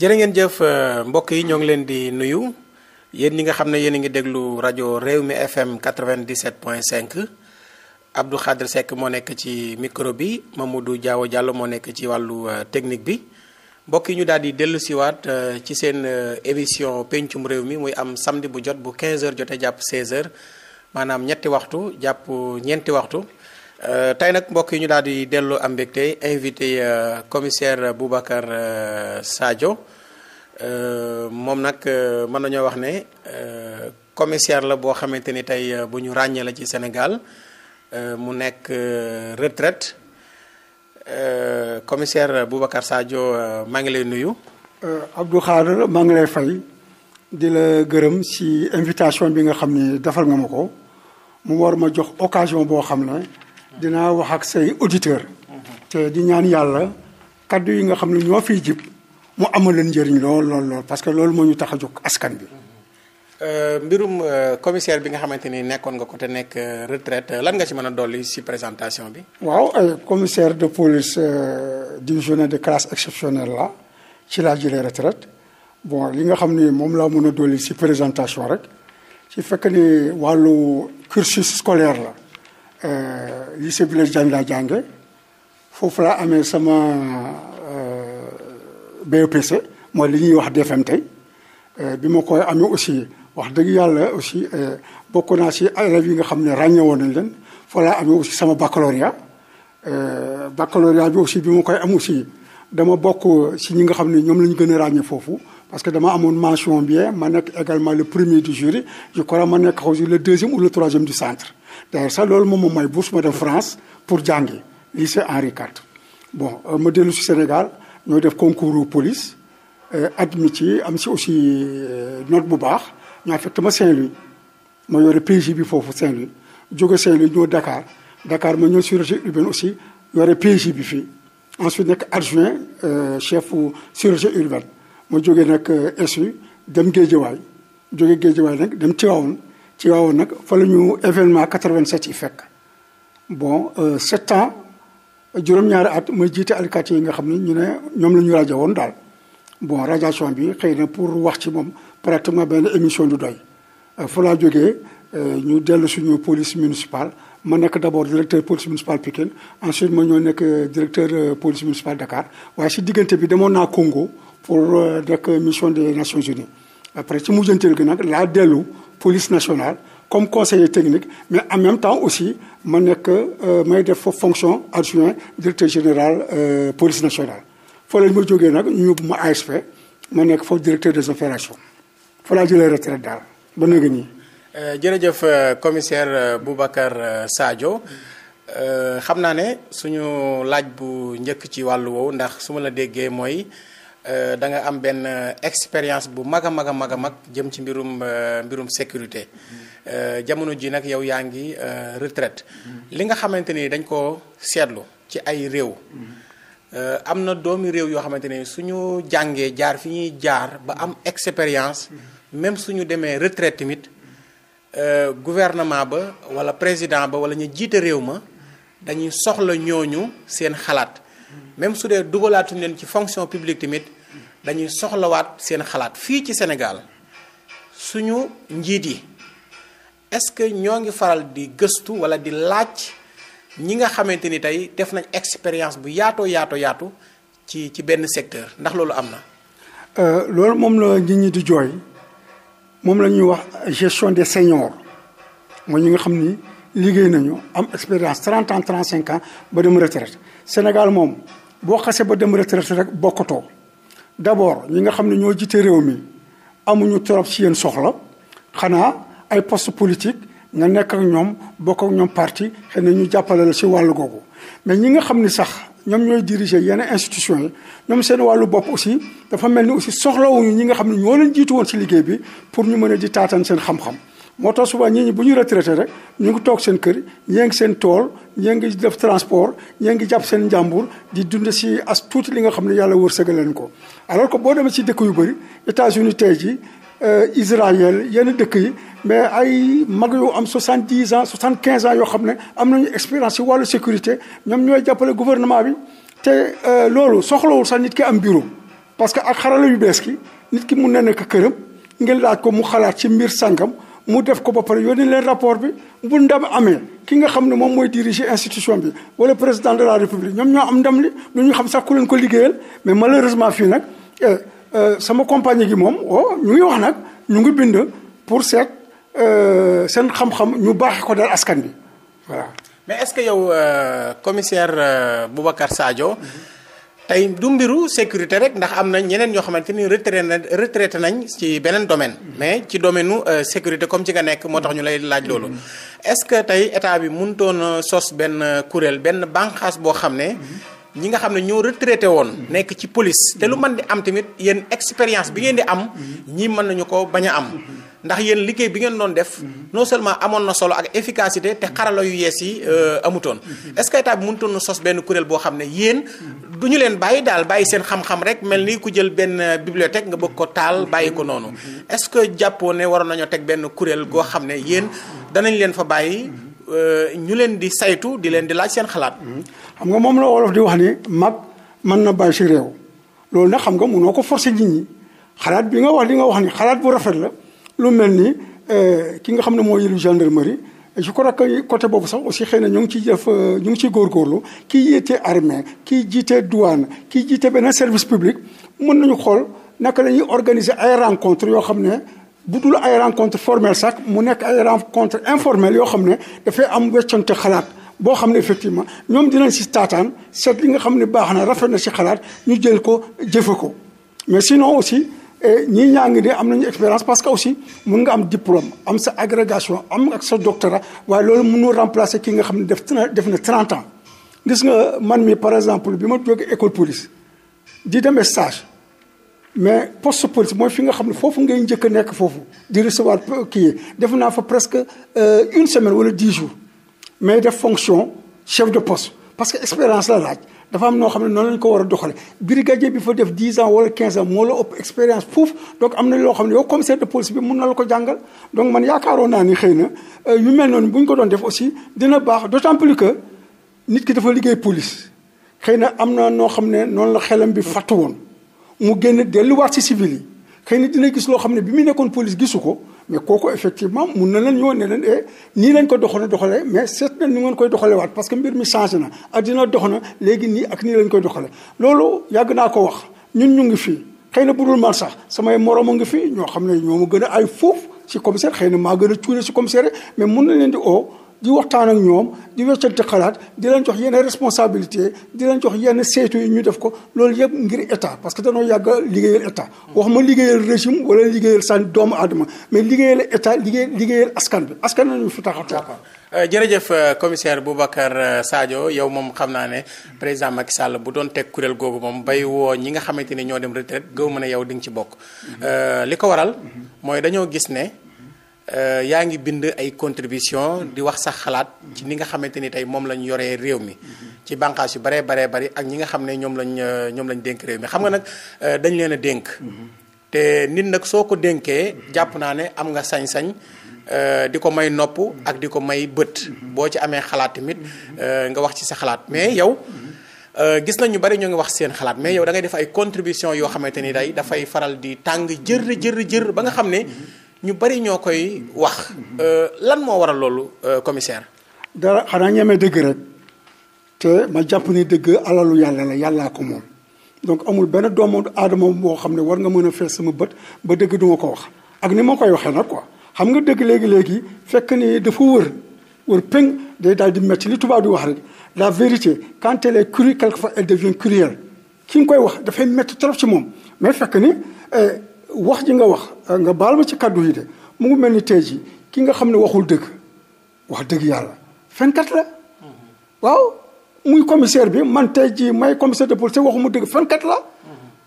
jërë ngeen jëf euh, mbokk yi ñoo ngi leen di nuyu yéen ñi nga xam ne yéen a ngi déglu rajo réew mi FM 97.5 Abdou Khadre Seck moo nekk ci micro bi du Diaw Diallo moo nekk ci wàllu euh, technique bi mbokk yi ñu daal di dellu siwaat euh, ci seen émission pencum réew mi muy am samedi bu jot bu 15h jotee jàpp 16h maanaam ñetti waxtu jàpp ñeenti waxtu. Euh, tey nag mbokk yi ñu daal di delloo am mbégte invité euh, commissaire Boubacar euh, Sadio moom nag mën nañoo wax ne commissaire la boo xamante ni tey bu ñu ràññee la ci Sénégal mu nekk retraite commissaire Boubacar Sadio maa ngi lay nuyu. Abdou Khadre maa ngi lay fay di la gërëm si invitation bi nga xam ni defal nga ma ko mu war ma jox occasion boo xam ne. dinaa wax ak say auditeur te di ñaan yàlla kaddu yi nga xam ne ñoo fiy jib mu amaleen njëriñ lool lool lool parce que loolu moo ñu tax a jóg askan bi. Euh, mbirum euh, commissaire bi nga xamante ni nekkoon nga ko te nekk euh, retraite lan nga ci mën a dolli ci présentation bi. waaw commissaire de police divisionnaire de classe exceptionnelle la ci laa jële retraite bon li nga xam ni moom laa mën a dolli ci présentation rek ci fekk ni wàllu cursus scolaire la. Euh, lycée village Diagne laa jànge foofu laa amee sama euh, BEPC mooy li ñuy wax DFM tey euh, bi ma koy amee aussi wax dëgg yàlla aussi bokk naa si élèves yi nga xam ne ràññewoon nañ leen fa laa amee aussi sama baccalauréat baccalauréat bi aussi bi ma koy am aussi dama bokk si ñi nga xam ne ñoom la ñu gën a ràññee foofu parce que dama amoon mention bien ma nekk également le premier du jury je crois ma nekk aussi le deuxième ou le troisième du centre d'ailleurs sax loolu moom ma may bourse ma dem France pour jàngi lycée Henri IV bon euh, ma dellu si Sénégal ñoo def concours police euh, admis ci am si aussi euh, note bu baax ñu affecté ma saint ma yore PJ bi foofu Saint-Louis jóge Saint-Louis dakaar Dakar Dakar ma ñëw sûreté urbaine aussi yore PJ bi fii ensuite nekk adjoint chef sûreté urbaine ma jógee nag euh, SU dem Géejawaay jóge Géejawaay nag dem Tivaouane Tivaouane nag fa la ñu événement 87 yi fekk bon euh, sept ans juróom-ñaari at may jiite alkaati yi nga xam ne ñu ne ñoom la ñu rajo woon daal bon radiation bi xëy na pour wax ci moom pratiquement benn émission du doy euh, fa laa jógee ñu dellu suñu police municipale ma nekk d'abord directeur police municipale Pikine ensuite ma ñoo nekk directeur police municipale Dakar waaye si diggante bi demoon naa Congo pour nekk euh, mission des Nations Unies après ci mujjanteel gi nag laa dellu police nationale comme conseiller technique mais en même temps aussi ma nekk euh, may def foofu fonction adjoint directeur général euh, police nationale foo leen ma jógee nag ñu ma ASP ma nekk foofu directeur des opérations fa laa jëlee retraite daal ba nga nii. jërëjëf commissaire Boubacar Sadio xam naa ne suñu laaj bu njëkk ci wàll woowu ndax su ma la déggee mooy. Euh, da nga am benn euh, expérience bu mag a mag a mag a mag jëm ci mbirum euh, mbirum sécurité mm-hmm. jamono jii nag yow yaa ngi retraite mm-hmm. li nga xamante ni dañ ko seetlu ci ay réew mm-hmm. am na doomi réew yoo xamante ne suñu jàngee jaar fi ñuy jaar ba am expérience même ñu demee retraite tamit gouvernement ba wala président ba wala ñu jiite réew ma dañuy soxla ñooñu seen xalaat même su dee dugalaatuñ leen ci fonction publique tamit dañuy soxlawaat seen xalaat fii ci Sénégal suñu njiit yi est-ce que ñoo ngi faral di gëstu walla di laaj ñi nga xamante ni tey def nañ expérience bu yaatoo yaato yaatu ci ci benn secteur ndax loolu am na. Euh, loolu moom la nit ñi di jooy moom la ñuy wax gestion des seniors mooy ñi nga xam ni. liggéey nañu am expérience 30 ans 35 ans ba dem retraite Sénégal moom boo xasee ba dem retraite rek bokkatoo d'abord ñi nga xam ne ñoo jiite réew mi amuñu trop ci yéen soxla xanaa ay post politique nga nekk ñoom bokk ak ñoom parti xëy na ñu jàppale la si wàll googu mais ñi nga xam ni sax ñoom ñooy diriger yenn institution yi ñoom seen wàllu bopp aussi dafa mel ni aussi ñu ñi nga xam ne ñoo leen jiitu woon ci liggéey bi pour ñu mën a di taataan seen xam moo tax souvent ñii ñi bu ñu retraité rek ñu ngi toog seen kër ñee ngi seen tool ñee ngi def transport ñee ngi jàpp seen njàmbur di dund si as tuuti li nga xam ne yàlla wërsëgal leen ko. alors que boo demee si dëkk yu bëri États-Unis tey jii euh, Israël yenn dëkk yi mais ay mag yu am soixante dix ans soixante quinze ans yoo xam ne am nañu expérience si wàllu sécurité ñoom ñooy jàppale gouvernement bi. te euh, loolu soxlawul sax nit ki am bureau parce que ak xarala yu bees ki nit ki mun na nekk këram ngeen laaj ko mu xalaat ci mbir sàngam. mu def ko ba pare yónnee leen rapport bi bu ndam amee ki nga xam ne moom mooy diriger institution bi wala président de la république ñoom ñoo am ndam li lu ñu xam sax ku leen ko liggéeyal mais malheureusement fi nag euh, euh, sama compagnie gi moom oh ñu ngi wax nag ñu ngi bind pour seet euh, seen xam-xam ñu baax ko dal askan bi waa mais est-ce que yow commissaire Boubacar Sadio. Mm-hmm. tey du mbiru sécurité rek ndax am na ñeneen ñoo xamante ni retraité na retraité nañ ci beneen domaine. Mm-hmm. mais ci domaine nu euh, sécurité comme ci nga nekk moo tax ñu lay laaj loolu. Mm-hmm. est-ce que tey état bi mun mënutoon sos benn kuréel benn bànqaas boo xam ne. Mm-hmm. ñi nga xam ne ñoo retraité woon. nekk ci police. te lu mën di am tamit yéen expérience bi ngeen di am. ñii mën nañu ko bañ a am. ndax yéen liggéey bi ngeen doon def mhm. non seulement amoon na solo ak efficacité te mhm. xarala yu yees yi euh, amutoon mhm. est-ce que état bi na sos benn kuréel boo xam ne yéen du ñu leen bàyyi daal bàyyi seen xam-xam rek mel ni ku jël benn euh, bibliothèque nga bëgg ko taal bàyyi ko noonu est-ce que jàppoo ne waroon nañoo teg benn kuréel goo xam ne yéen danañ leen fa bàyyi euh, ñu leen di saytu di leen di laaj seen xalaat. xam nga moom la wolof di wax ni mag mën na bàyyi si réew loolu nag xam nga mënoo ko forcer nit ñi xalaat li nga wax ni xalaat bu rafet la. lu mel ni euh, ki nga xam ne moo yëlu gendarmerie je crois que côté boobu sax aussi xëy na ñu ngi ciy def euh, ñu ngi ciy góorgóorlu kii jiite armée kii jiite douane kii jiite beneen service public mën nañu xool naka la ñuy organisé ay rencontre yoo xam ne bu ay rencontre formelle sax mu nekk ay rencontre informelle yoo xam ne dafay am weccante xalaat boo xam ne effectivement ñoom dinañ si taataan seet li nga xam ne baax na rafet na si xalaat ñu jël ko jëfe ko mais et ñii ñaa ngi de am nañu expérience parce que aussi mun nga am diplôme am sa agrégation am ak sa doctorat waaye loolu mënul remplacer ki nga xam ne def na def na 30 ans. gis nga man mi par exemple bi ma jógee école police di demee stage mais poste police mooy fi nga xam ne foofu ngay njëkk a nekk foofu di recevoir kii def naa fa presque euh, une semaine wala dix jours mais def fonction chef de poste. parce que expérience la laaj dafa am noo xam ne noonu lañ ko war a doxale brigadier bi fa def dix ans wala quinze ans moo la ëpp expérience foofu donc am na loo xam ne yow commissaire de police bi mun na la ko jàngal donc man yaakaaroon naa ni xëy na euh, yu mel noonu bu ñu ko doon def aussi dina baax d'autant plus nit ki dafa liggéey police xëy na am na noo xam ne noonu la xelam bi fàttu woon mu génn delluwaat si civil yi xëy na dina gis loo xam ne bi mu nekkoon police gisu ko mais kooku effectivement mun na leen ñëw ne leen eh, nii lañ ko doxalee doxalee mais seet na ni ngeen koy doxalee waat parce que mbir mi changé na addina dox na léegi nii ak nii lañ koy doxalee loolu yàgg naa ko wax ñun ñu ngi fii xëy na bu dul man sax samay moroom a ngi fii ñoo xam ne ñoo ma gën ay foofu si commissaire xëy na maa gën a cuure si commissaire mais mun na leen di o di waxtaan ak ñoom di weccante xalaat di leen jox yenn responsabilité di leen jox yenn saytu yi ñu def ko loolu yëpp ngir état parce que danoo yàgg a liggéeyal état wax ma liggéeyal régime wala liggéeyal sànni doomu aadama mais liggéeyal état liggéey liggéeyal askan bi askan nañu fi tax a toog euh, jërëjëf euh, commissaire Boubacar euh, Sadio yow moom xam naa ne président Macky Sall bu doon teg kuréel googu moom bay woo ñi nga xamante ni ñoo dem retraite gëw mën a yow di nga ci bokk mm-hmm. li ko waral mm-hmm. mooy dañoo gis ne Euh, yaa ngi bind ay contribution di wax sax xalaat ci ni nga xamante ni tey moom lañ yoree réew mi ci bànqaas yu baree baree bari ak ñi nga xam ne ñoom lañ euh, ñoom lañ dénk réew mi xam nga nag euh, dañ leen a dénk mm-hmm. te nit nag soo ko dénkee jàpp naa ne am nga sañ-sañ di ko may nopp ak di ko may bët mm-hmm. boo ci amee xalaat tamit mm-hmm. nga wax ci sa xalaat mais yow gis nañ ñu bari ñoo ngi wax seen xalaat mais yow da ngay def ay contribution yoo xamante ni day dafay faral di tàng jër jër jër ba nga xam ne ñu bari ñoo koy wax. Euh, lan moo waral loolu euh, commissaire. dara xanaa ñeme dëgg rek te ma jàpp ni dëgg alalu yàlla la yàlla ko moom donc amul benn doomu aadama boo xam ne war nga mën a fees sama bët ba dëgg duma ko wax ak ni ma koy waxee nag quoi xam nga dëgg léegi léegi fekk ni dafa wër wër peng day daal di métti li tubaab di wax rek la vérité quand elle est crue quelquefois elle devient cruelle ki koy wax dafay métti trop ci moom mais fekk ni. Euh, wax ji nga wax nga baal ma ci kàddu yi de mu ngi mel ni tey ji ki nga xam ne waxul dëgg wax dëgg yàlla fenkat la waaw muy commissaire bi man tey jii may commissaire de police waxuma dëgg fenkat la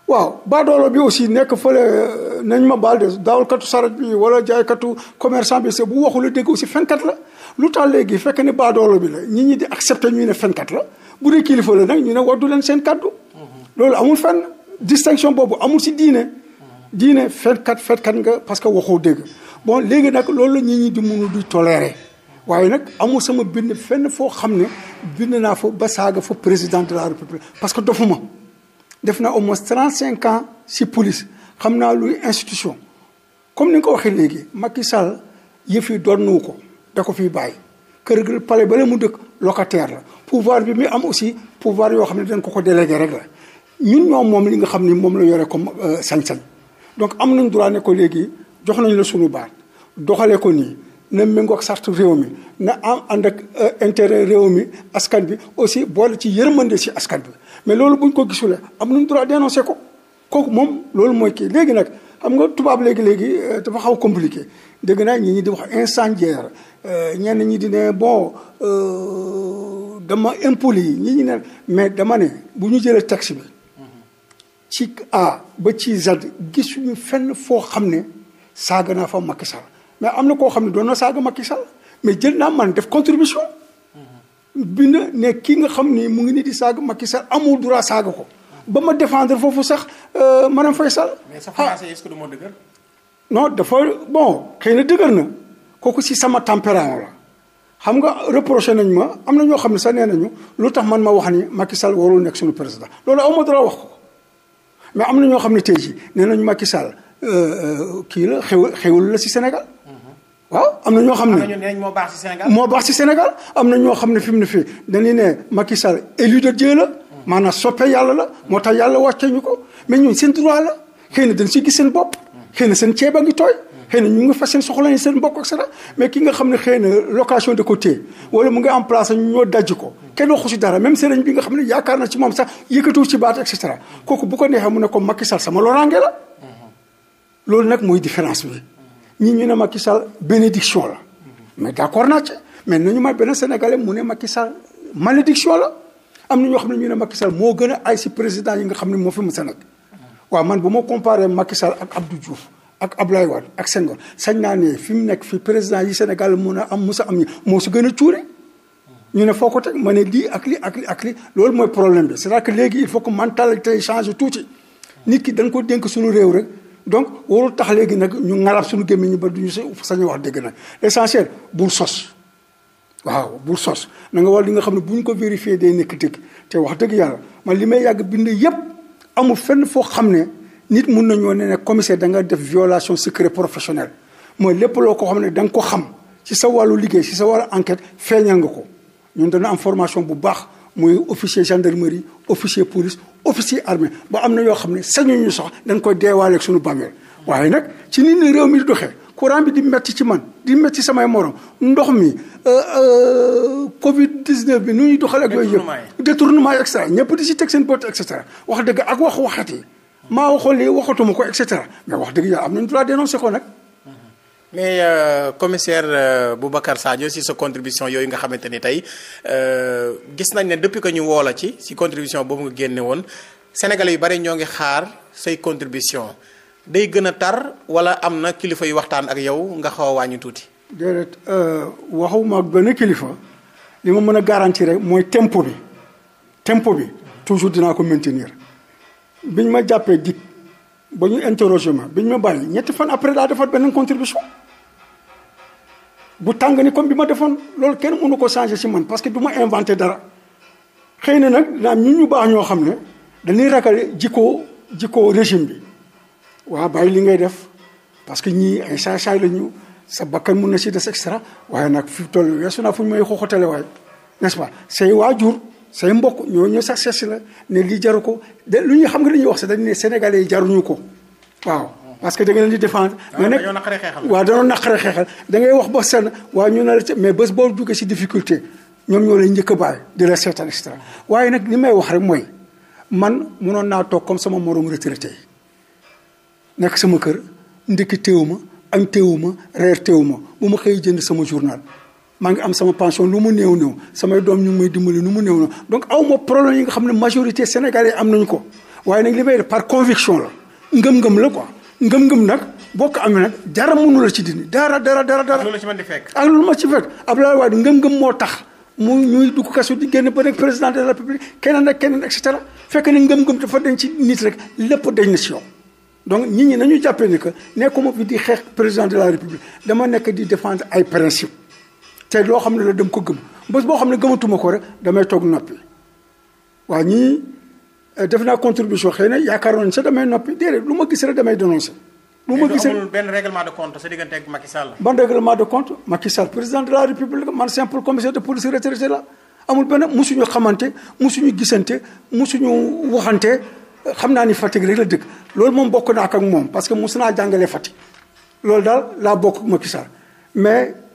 waaw baadoolo bi aussi nekk fële nañ ma baal de daawalkatu saret bi wala jaaykatu commerçant bi c'est bu waxul dëgg aussi fenkat la lu tax léegi fekk ne baadoolo bi la ñi ñi di accepté ñu ne fenkat la bu dee kilifa la nag ñu ne waddu leen seen kàddu mhm. loolu amul fenn distinction boobu amul si diine diine fenkat fetkat nga parce que waxoo dëgg bon léegi nag loolu la ñi ñi di mënu du toléré waaye nag amul sama bind fenn foo xam ne bind naa fa ba saaga fa président de la république parce que dofuma def naa au moins trente cinq ans si police xam naa luy institution comme ni nga ko waxee léegi Macky Sall yëf yi doonnu ko da ko fiy bàyyi kër pale palais bala mu dëkk locataire la pouvoir bi muy am aussi pouvoir yoo xam ne dañ ko ko délégué rek la ñun ñoom moom li nga xam ne moom la yore comme euh, sañ-sañ donc am nañ droit ne ko léegi jox nañ la sunu baat doxalee ko nii na méngoo ak sart réew mi na am ànd ak euh, intérêt réew mi askan bi aussi boole ci yërmande si askan bi mais loolu buñ ko gisule am nañ droit dénoncer ko kooku moom loolu mooy kii léegi nag xam nga tubaab léegi-léegi euh, dafa xaw compliqué dégg naa ñi ñi di wax incendiaire euh, ñenn ñi di ne bon dama impoli yi ñi ñi ne mais dama ne bu ñu jëlee texte bi ci A ba ci Z gisuñu fenn foo xam ne saaga naa fa Macky mais am na koo xam ne doon na saaga Macky Sall mais jël naa man def contribution. bi na ne kii nga xam ni mu ngi nii di saaga Macky amul duraa saaga ko. ba ma défendre foofu sax euh, madame Faye fay sal sa français est-ce que du ma dëgër. non dafa bon xëy na dëgër na kooku si sama tempérament la xam nga reproché nañu ma am na ñoo xam ne sax nee nañu lu tax man ma wax ni Macky Sall warul nekk suñu président loolu aw ma droit wax ko. mais am na ñoo xam ne tey jii nee nañu Macky Sall euh, euh, kii la xew xewul la si Sénégal. Mm-hmm. waaw am na ñoo xam ne am na moo baax si Sénégal. moo baax si Sénégal am na ñoo xam ne fi mu ne fii dañuy ne Macky Sall élu de Dieu la. Mm-hmm. maanaam soppe yàlla la. moo tax yàlla wàcce ñu ko mais ñun seen droit la xëy na si gis seen bopp. Mm-hmm. xëy na seen ceeba ngi tooy. xëy na ñu ngi fas seen soxla yi seen mbokk ak sara mais ki nga xam ne xëy na location de côté wala mu ngi en place ñoo daj ko kenn waxu si dara même sëriñ bi nga xam ne yaakaar na ci moom sax yëkkatuwul ci baat et cetera kooku bu ko neexee mu ne ko Macky Sall sama loraange la loolu nag mooy différence bi ñi ñu ne Macky Sall bénédiction la mais d'accord naa ci mais nañu may benn sénégalais mu ne Macky Sall malédiction la am na ñoo xam ne ñu ne Macky Sall moo gën ay si président yi nga xam ne moo fi mu sa nag waaw man bu ma comparé Macky Sall ak Abdou Diouf ak Abdoulaye Wade ak Senghor sañ naa ne fi mu nekk fi président yi Sénégal mun a am musa am ñi moo si gën a cuure ñu ne foo ko teg ma ne lii ak lii ak lii ak loolu mooy problème bi c'est-à-dire léegi il faut que mentalité change tuuti nit ki dañ ko dénk suñu réew rek donc warul tax léegi nag ñu ngalab suñu gémmiñ ñu ba duñu sañ wax dëgg nag l'essentiel bul sos waaw bul sos na nga war li nga xam ne bu ñu ko vérifié day nekk dëgg te wax dëgg yàlla man li may yàgg bind yépp amul fenn foo xam ne nit mun nañoo ne ne commissaire da nga def violation secret professionnel mooy lépp loo ko xam ne da nga ko xam ci sa wàllu liggéey ci sa wàllu enquête feeñal nga ko ñun dana am formation bu baax muy officier gendarmerie officier police officier armée ba am na yoo xam ne sañuñu sax dañ koy deewaaleeg suñu bamee waaye nag ci nit ñi réew mi di doxee courant bi di metti ci man di metti samay morom ndox mi euh, euh, Covid 19 bi nu ñuy doxal ak yooyu yëpp détournement et cetera ñëpp di si teg seen bopp et cetera wax dëgg ak wax waxat yi maa waxoon lii waxatuma ko et cetera wax dëgg yàlla am nañu droit dénoncer ko nag. mais euh, commissaire euh, Boubacar si sa contribution yooyu nga xamante ni tey euh, gis nañ ne depuis que ñu woo la ci si contribution boobu nga génne woon Sénégalais yu bari ñoo ngi xaar say contribution day gën a tar wala am na kilifa yu waxtaan ak yow nga xaw a wàññi tuuti. déedéet euh, waxuma ak benn kilifa li ma mën a garantir rek mooy tempo bi tempo bi toujours dinaa ko maintenir. biñ ma jàppee dikk ba ñu interroger ma biñ ma bàyyi ñetti fan après daa defaat benn contribution bu tàng ni comme bi ma defoon loolu kenn mënu ko changer si man parce que du ma inventé dara xëy na nag dina am ñu ñu baax ñoo xam ne dañuy ragal jikkoo jikko régime bi waa bàyyi li ngay def parce que ñii ay saay-saay la ñu sa bakkan mun na si des extra waaye nag fi toll weesu naa fu ñu may xoxotale waay n'est-ce say waajur say mbokk ñoo ñoo sax sees la ne li jaru ko de lu ñuy xam nga li ñuy wax sax dañu ne sénégalais yi jaruñu ko waaw. parce que da nga leen di défendre. nga nekk waaw dañoo naqare xeexal da ngay wax ba seen waaw ñu ne la bés boo duggee si difficulté ñoom ñoo lay njëkk a di la seetaan et waaye nag li may wax rek mooy man mënoon naa toog comme sama moroom retraité yi nekk sama kër ndikk teewu ma añ teewu ma reer teewu ma bu ma xëy jënd sama journal. maa ngi am sama pension lu mu néew néew samay doom ñu ngi may dimbali nu mu néew néew donc aw ma problème yi nga xam ne majorité sénégalais am nañu ko waaye nag li may def par conviction la ngëm-ngëm la quoi ngëm nag boo ko amee nag dara mënu la ci dindi dara dara dara dara. ak loolu ci mën di fekk. ma ci fekk Abdoulaye Wade ngëm-ngëm moo tax mu ñuy dugg kaso di génn ba nekk président de la république keneen ak keneen et cetera fekk ne ngëm-ngëm dafa denc ci nit rek lépp dañ na si yow. donc nit ñi nañu jàppee ne que nekkuma fi di xeex président de la république dama nekk di défendre ay principe te loo xam ne la dem ko gëm bés boo xam ne gëmatuma ko rek damay toog noppi wa ñii eh, def na contribution xëy na yaakaaroon sa damay noppi déedéet lu ma gis rek damay dénoncé. lu ma gis rek benn règlement de compte sa diggante ak Macky Sall. ban règlement de compte Macky Sall président de la République man simple commissaire de police retraité la amul benn musuñu xamante musuñu gisante musuñu waxante xam naa ni Fatick rek la dëkk loolu moom bokk naa ak moom parce que musu naa jàngale Fatick loolu daal laa bokk Macky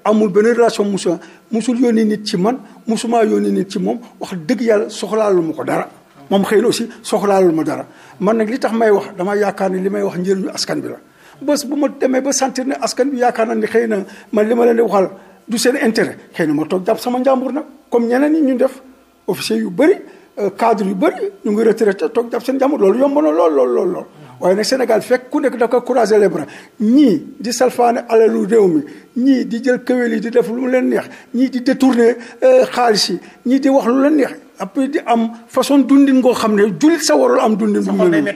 amul benn relation musu musul yónni nit ci man musumaa yónni nit ci moom wax dëgg yàlla soxlaalu ma ko dara moom xëy na aussi soxlaalul ma dara man nag li tax may wax dama yaakaar ni li may wax njëriñu askan bi la bés bu ma demee ba sentir ne askan bi yaakaar na ni xëy na man li ma leen di waxal du seen intérêt xëy na ma toog jàpp sama njàmbur nag comme ñeneen ñi ñu def officier yu bëri euh, cadre yu bëri ñu ngi retraité toog jàpp seen njàmbur loolu yomb na lool lool lool lool waaye nag Sénégal fekk ku nekk da ko croiser les bras ñii di salfaane alalu réew mi ñii di jël këwél yi di def lu leen neex ñii di détourner euh, xaalis yi ñii di wax lu leen neex après di am façon dundin ngoo xam ne jullit sa warul am dundin bu mel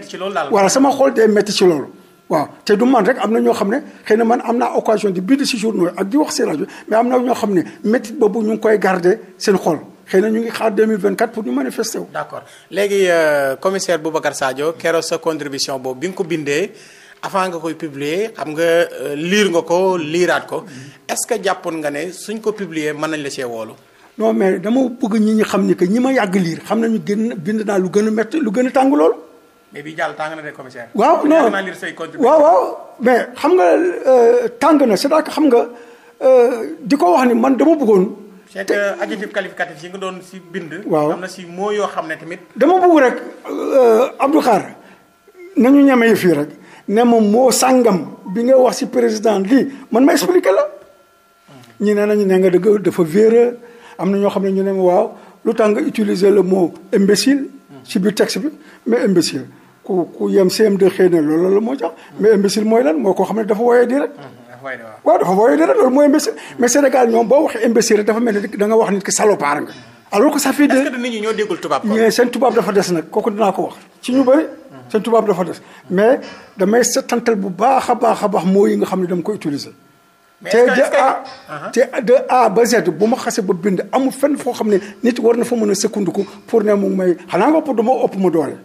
voilà sama xol day métti ci loolu waaw te du man rek am na ñoo xam ne xëy na man am naa occasion di bind ci journaux ak di wax ci rajo mais am na ñoo xam ne métti boobu ñu ngi koy garder seen xol xëy na ñu ngi xaar 2024 pour ñu manifester wu. d' accord léegi euh, commissaire Boubacar Sadio keroog sa contribution boobu bi nga ko bindee avant nga koy publier xam nga euh, liir nga ko liiraat ko est ce que jàppoon nga ne suñ ko publier mën nañ la cee woolu. non mais dama bëgg ñi ñi xam ni que ñi ma yàgg liir xam na ñu gën bind naa lu gën a métti lu gën a tàng loolu. bi jàll tàng na de waaw non waaw waaw mais xam nga euh, tàng na c' est à dire que xam nga di ko wax ni man dama bëggoon. c'est que adjectif qualificatif yi nga doon si bind. waaw am na si moo yoo xam ne tamit. dama bëgg rek euh, Abdou Khare na ñu yëf yi rek ne moom moo sàngam bi nga wax si président lii man ma expliqué la. ñi ne nañu ne nga dëgg dafa véreux am na ñoo xam ne ñu ne ma waaw lu tax nga utiliser le mot imbécile. si biir texte bi mais imbécile ku ku yem CM2 xëy na loolu la moo jox. mais imbécile mooy lan moo koo xam ne dafa woyee di rek. waaw dafa voyé dara loolu mooy imbécile mais Sénégal ñoom boo wax imbécile dafa mel ni da wax nit ki salopard nga alors ah, que ça fait deux est-ce que nit ñi ñoo déggul tubaab mais seen dafa des nag kooku dinaa ko wax ci ñu bëri seen tubaab dafa des mais damay setantal bu baax a baax a moo yi nga xam ne dama ko utiliser ah, ah. te de a te a ba z bu ma xase ba bind amul fenn foo xam ne nit war na fa mën a sukkandiku pour ne mu may xanaa nga pour dama ma doole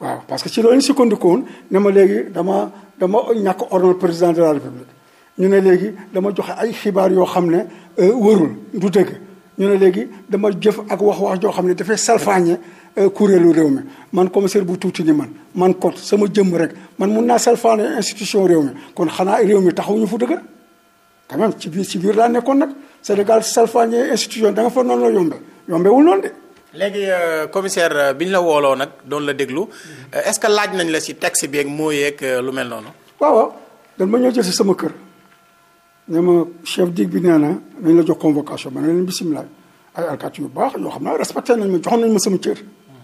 waaw parce que ci loolu ñu sukkandikoon ne ma léegi dama dama ñàkk ornal président de la république ñu ne léegi dama joxe ay xibaar yoo xam ne euh, wërul du dëgg ñu ne léegi dama jëf ak wax wax joo xam ne dafay salfaañe euh, kuréelu réew mi man commissaire bu tuuti ni man man kot sama jëmm rek man mun naa salfaañe institution réew mi kon xanaa réew mi taxawuñu fu dëgg quand ci biir ci biir laa nekkoon nag Sénégal salfaañe institution da nga fa noonu la yombe yombewul noonu de. léegi euh, commissaire bi ñu la wooloo nag doon la déglu est-ce que laaj nañ la si texte bi ak moo yeeg lu mel noonu. waaw waaw ma ñëw si sama kër. ne ma chef dig bi nee na nañ la jox convocation ma ne leen bisimilah ay alkaati yu baax yoo xam ne respecté nañ ma joxoon ma sama cër.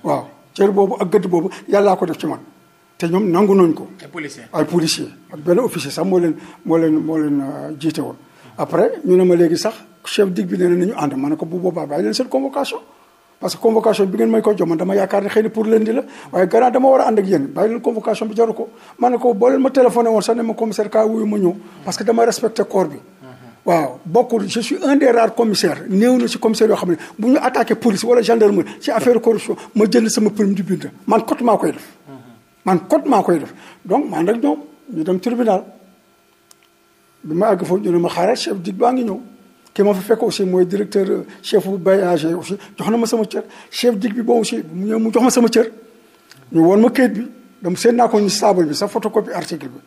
waaw cër boobu ak gëdd boobu yàllaa ko def ci man te ñoom nangu nañ ko. ay policiers ay policiers ak benn officier sax moo leen moo leen leen euh, jiite woon. après ñu ne ma léegi sax chef dig bi nee na nañu ànd ma ne ko bu boobaa bàyyi leen convocation. parce que convocation bi ngeen may ko jox dama yaakaar ne xëy pour lundi la waaye dama war a ànd ak yéen bàyyi leen convocation bi jaru ko ma ne ko boo leen ma téléphoné woon sax ne ma commissaire kaa wuyu ma ñëw parce que dama respecté corps bi waaw bokkul je suis un des rares commissaires néew na ci commissaire yoo xam ne bu ñu attaqué police wala gendarmerie ci affaire corruption ma jënd sama prime di bind man code maa koy def man code maa koy def donc ma àgg foofu ñu ma xaaral chef baa ngi ñëw ki ma fa fekk mooy directeur euh, chef bu bay AG aussi jox na ma sama cër chef dig bi boobu aussi mu jox ma sama cër ñu woon ma këyit bi dam seen naa ko ñu bi sa photocopie article bi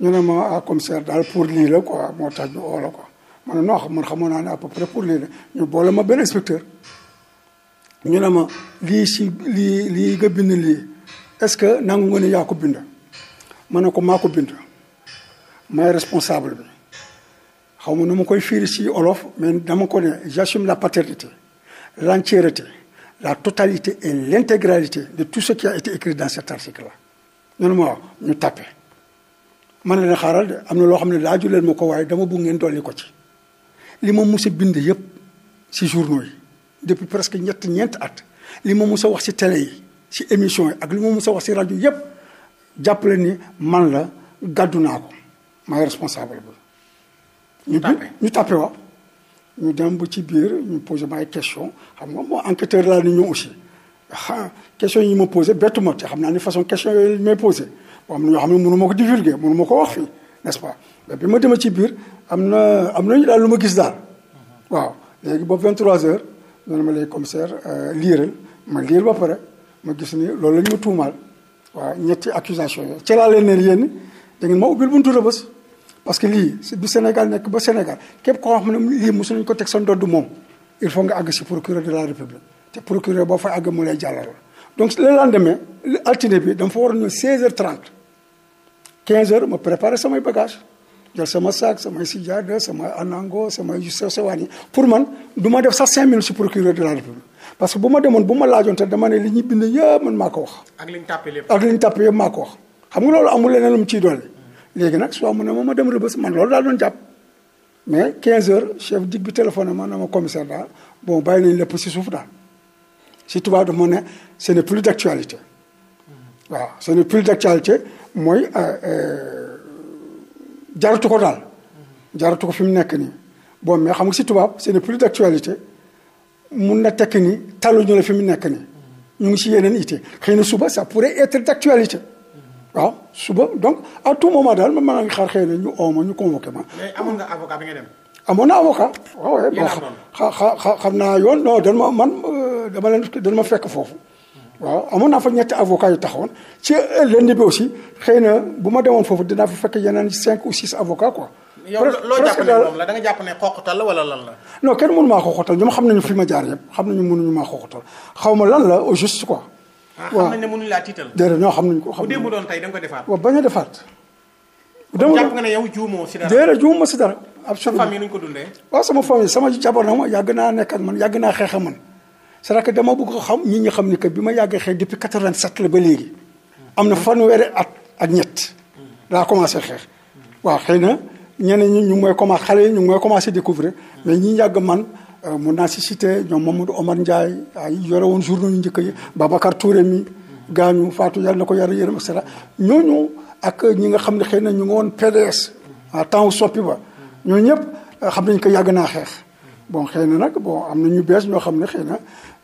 ñu ne ma ah commissaire daal pour lii la quoi moo tax ñu oo la quoi ma man xamoon naa ne à peu près pour lii la ñu boole ma benn inspecteur ñu ne ma lii si lii lii nga bind lii est-ce que nangu nga ne yaa ko bind ma ne ko maa bind may responsable bi xaw ma nu ma koy firi si olof mais dama ko ne j'assume la paternité l'entièreté la totalité et l'intégralité de tout ce qui a été écrit dans cet article là ñunu ma waaw ñu tàppe ma ne la xaaral de am na loo xam ne laaju leen ma ko waaye dama bëgg ngeen dolli ko ci li ma mus a bind yëpp si journaux yi depuis presque ñett ñeent at li ma mus wax si télé yi si émission yi ak li ma mus a wax si rajo yëpp jàppale ni man la gàddu naa ko maay responsable ñu ñu tàppe waaw ñu dem ba ci biir ñu posé ma question xam nga moo enquêteur laa ni ñëw aussi ah question yi ma pose bettuma ma te xam naa ni façon question yooyu may posé boo am na ñoo xam ne mënu ma ko divulguer mënu ma ko wax fii n'est-ce pas mais bi ma demee ci biir am na am nañu daal lu ma gis daal mhm. waaw léegi boobu 23 heures ñu ne ma lay commissaire euh, liiral ma liir ba pare ma gis nii loolu la ñu ma tuumaal waaw ñetti accusation yooyu ci laa leen ne yéen da ngeen ma ubbil buntu Rebeuss parce que lii bi Sénégal nekk ba Sénégal képp koo xam ne lii mosu nañu ko teg sa ndodd moom il faut nga àgg si procureur de la république te procureur boo fay àgg mu lay jàllal la donc le lendemain altine bi dama fa war a ñëw 16h30 15h ma préparé samay bagage jël sama sac samay sijaada samay anango samay sewaan yi pour man du ma def sax 5 minutes si procureur de la république parce que bu ma demoon bu ma laajoon te ko wax. ak li loolu amul leneen lu mu ciy dolli. léegi nag soo mu ne ma ma dem rëbës man loolu daal doon jàpp mais 15 heures chef dig bi téléphoné ma ne ma commissaire daal bon bàyyi nañ lépp si suuf daal si tubaab daf ma ne ce n'est plus d'actualité waaw ce n'est plus d'actualité mooy euh, euh, jaratu ko daal jaratu ko fi mu nekk ni bon mais xam nga si tubaab ce n'est plus d'actualité mun na tekk ni taluñu la fi mu nekk nii ñu ngi si yeneen ité xëy na suba ça pourrait être d'actualité waaw suba donc à tout moment daal man maa ngi xaar xëy na ñu oo ma ñu convoqué ma. mais amoon nga avocat bi nga dem. amoon na avocat. waaw waaye xam naa yoon non dan ma man euh, dama leen dan ma fekk foofu. waaw amoon naa fa ñetti avocat yu taxawoon ci lundi bi aussi xëy na bu ma demoon foofu dinaa fa fekk yeneen cinq ou six avocats quoi. yow loo jàpp ne moom la da jàpp ne xoqatal la wala lan la. non kenn mënu maa xoqatal ñoom xam na ñu fi ma jaar yëpp xam na ñu nañu mënuñu maa xoqatal xaw ma lan la au juste quoi. waaw xam nañ ne mënuñ laa ñoo xam nañ ko xam bu démb doon tey da nga ko defaat. waaw a juumoo si dara déedéet juumoo si ko dundee. waaw sama famille sama jabar na ma yàgg naa nekk ak man yàgg naa xeex ak man cest à dama bëgg xam ñi ñi xam ni que bi ma yàggee xeex depuis 87 la ba léegi. am na fanweeri at ak ñett. daa commencé xeex. waaw xëy na ñeneen ñi ñu ngi may commencé xale yi ñu ngi may commencé découvrir mais ñi yàgg man Euh, mun naa si cité ñoom Mamadou Omar Ndiaye ay yore woon journaux yu njëkk yi Babacar Touré mi gaañu faatu yàlla na ko yàlla yërëm et cetera ñooñu ak ñi nga xam ne xëy na ñu ngi woon à temps soppi ba ñooñu ñëpp euh, xam nañ ko yàgg naa xeex bon xëy na nag bon am na ñu bees ñoo xam ne xëy na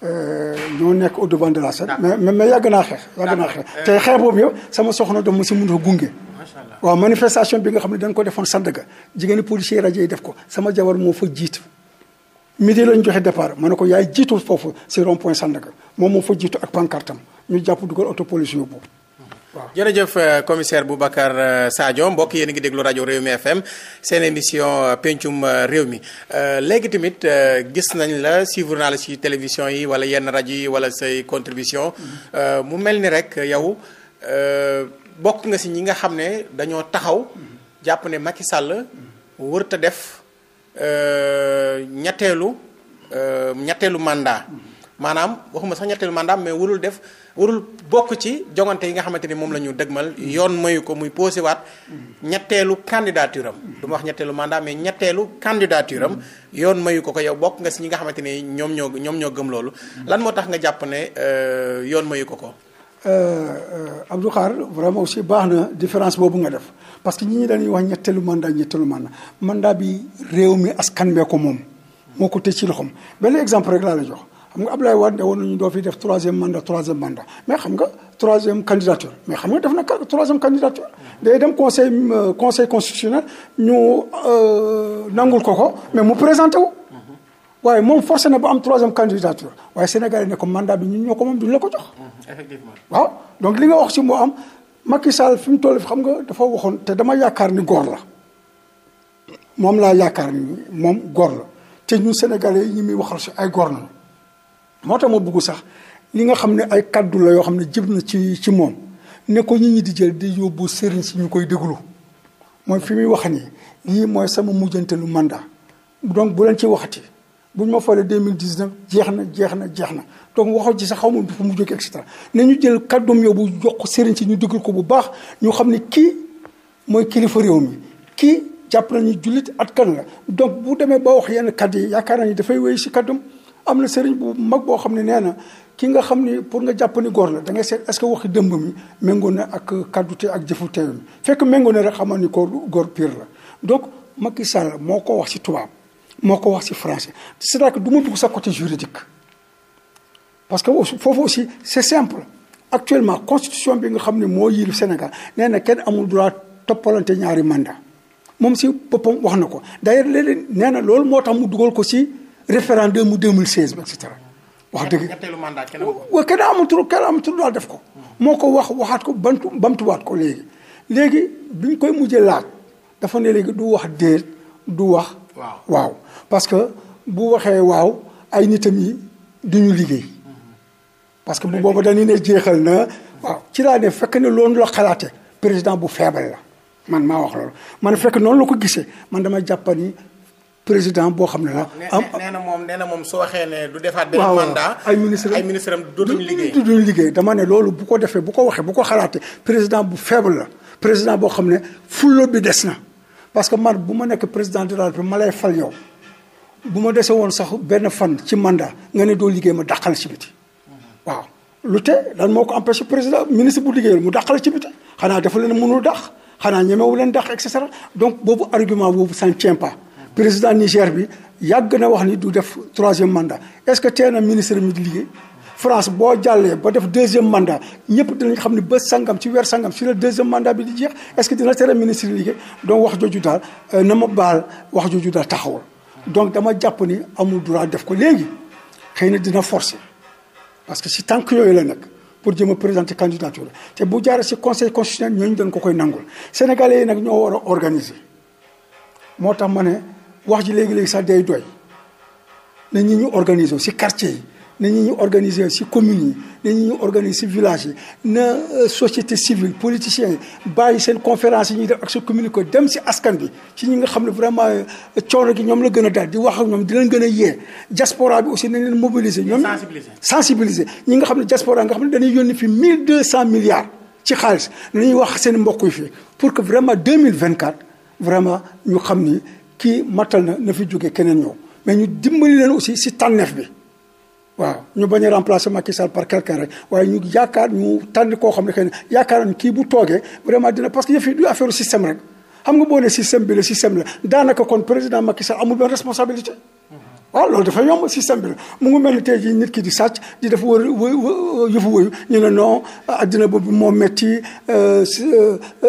euh, ñoo nekk au devant de la scène mais mais yàgg naa xeex yàgg te xeex boobu yow sama soxna dama si mun a gunge waaw manifestation bi nga xam ne dañ ko defoon Sandaga jigéeni policier rajo yi def ko sama jabar moo fa jiit midi lañ joxe départ ma ne ko yaay jiitu foofu si rond point Sandaga moom moo fa jiitu ak pancartam ñu jàpp dugal auto police yóbbu waaw jërëjëf euh, commissaire Boubacar euh, Sadio mbokk yéen a ngi déglu rajo euh, Réew mi FM seen émission pencum réew mi léegi tamit gis nañ la suivre naa si télévision yi wala yenn rajo yi wala say contribution mm-hmm. mu mel ni rek yow bokk nga si ñi nga xam ne dañoo taxaw mm-hmm. jàpp ne Macky Sall mm-hmm. wërta def Euh, ñetteelu euh, ñetteelu mandat maanaam waxuma sax ñetteelu mandat mais warul def warul bokk ci jongante yi nga xamante ni moom la ñu dëgmal yoon mayu ko muy posé waat ñetteelu candidature am wax ñetteelu mandat mais ñetteelu candidature am yoon mayu ko ko yow bokk nga si ñi nga xamante ni ñoom ñoo ñoom ñoo gëm loolu lan moo tax nga jàpp ne euh, yoon mayu ko ko Euh, euh, Abdou Khare vraiment aussi baax na différence boobu nga def parce que ñi ñi dañuy wax ñetteelu mandat ñetteelu mandat mandat bi réew mi kan bee ko moom moo ko tëj ci loxoom exemple rek laa la jox xam nga Abdoulaye Wade woon nañu doo fi def troisième mandat troisième mandat mais xam nga troisième candidature mais xam nga def na troisième candidature day dem conseil euh, conseil constitutionnel ñu nangul ko ko mais mu présenté wu waaye moom forcé na ba am troisième candidature waaye Sénégal ne ko mandat bi ñun ñoo ko moom duñ la ko jox. Mm-hmm. effectivement waaw donc li nga wax si moo am Macky Sall fi mu toll xam nga dafa waxoon te dama yaakaar ni góor la moom laa yaakaar ni moom góor la te ñun sénégalais yi ñu muy waxal si ay góor na moo tax ma bugg sax li nga xam ne ay kaddu la yoo xam ne jëm na ci ci moom nekkoo ko ñi ñi di jël di yóbbu sëriñ si ñu koy déglu mooy fi muy wax nii lii mooy sama mujjantelu mandat donc bu leen ci bu buñ ma falee 2019 jeex na jeex na jeex na donc waxoo ci sa xaw ma fu mu jóg et cetera ñu jël kàddoom yow bu jox ko sëriñ si ñu dëggal ko bu baax ñu xam ni kii mooy kilifa réew mi kii jàpp ñu jullit at kan la donc bu demee ba wax yenn kàddu yi yaakaar naa ni dafay wéy si kàddoom am na seriñ bu mag boo xam ne nee na kii nga xam ni pour nga jàpp ni góor la da ngay seet est-ce que waxi dëmb mi méngoo na ak kàddu te ak jëfu teew mi fekk méngoo na rek xamal ni góor góor pire la donc Macky Sall moo ko wax si tubaab. moo ko wax si français c'est-à-dire que du ma dugg sa côté juridique parce que foofu aussi c'est simple actuellement constitution bi nga xam ne moo yilif Sénégal nee na kenn amul droit toppalante ñaari mandat moom si boppam wax na ko d'ailleurs léeg-léeg nee na loolu moo tax mu dugal ko si référendum mu 2016 bi et cetera wax dëgg waaw kenn amatul kenn amatul daal def ko moo ko wax waxaat ko bantu bamtuwaat ko léegi léegi bi ñu koy mujjee laaj dafa ne léegi du wax déet du wax waaw parce que bu waxee waaw ay nitam yi du ñu liggéey parce que bu booba dañu ne jeexal na waaw ci laa ne fekk ne loolu la xalaate président bu faible la man maa wax loolu man fekk noonu la ko gisee man dama jàpp ni président boo xam ne la. am nee na moom nee na moom su waxee ne du defaat benn mandat ay ministre ministre am dootuñu liggéey dootuñu liggéey dama ne loolu bu ko defee bu ko waxee bu ko xalaatee président bu faible la président boo xam ne fulla bi des na parce que man bu ma nekk président de la République ma lay fal yow. bu ma dese woon sax benn fan ci mandat nga ne doo liggéey ma dàqal ci biti waaw lu te dan moo ko empêché président ministre bu liggéeyul mu dàqal ci biti xanaa defu leen mënul dàq xanaa ñemewu leen dàq et cetera donc boobu argument boobu ça ne tient pas président Niger bi yàgg na wax ni du def troisième mandat est-ce que tee na ministre mi di liggéey France boo jàllee ba def deuxième mandat ñëpp dinañ xam ne ba sangam ci weer sangam ci la deuxième mandat bi di jeex est-ce que dina tere ministre liggéey donc wax jooju daal euh, na ma baal wax jooju daal taxawul donc dama jàpp ni amul droit def ko léegi xëy na dina forcer parce que si tànk yooyu la nag pour jëm a présenter candidature te bu jaaree si conseil constitutionnel ñooñu dañ ko koy nangul sénégalais yi nag ñoo war a organiser moo tax ma ne wax ji léegi-léegi sax day doy na ñi ñu organiser si quartier yi nañu ñu organiser si communes yi nañu ñu organiser ci village yi na euh, société civile politiciens yi bàyyi seen conférence yi ñuy def ak sa dem si askan bi ci ñi nga xam ne vraiment euh, coono gi ñoom la gën a dal di wax ak ñoom di gën a yee diaspora bi aussi nañ leen mobiliser ñoom sensibiliser ñi nga xam ne diaspora nga xam ne dañuy yónni fi mille deux cent milliards ci xaalis nañuy wax seen mbok yi fi pour que vraiment deux mille vingt quatre vraiment ñu xam ni kii mattal na na fi jóge keneen ñëw mais ñu dimbali leen aussi ci tànneef bi waaw ñu bañ a remplacer Macky par quelqu'un rek waaye ñu yaakaar ñu tànn koo xam ne xëy na kii bu toogee vraiment dina parce que yëf yi du affaire système rek xam nga boo ne système bi la système la daanaka kon président Macky Sall amul benn responsabilité. waaw loolu dafa yomb système bi la mu ngi mel ni tey jii nit ki di sàcc di def wër yëfu wëyu ñu ne non addina boobu moo métti euh,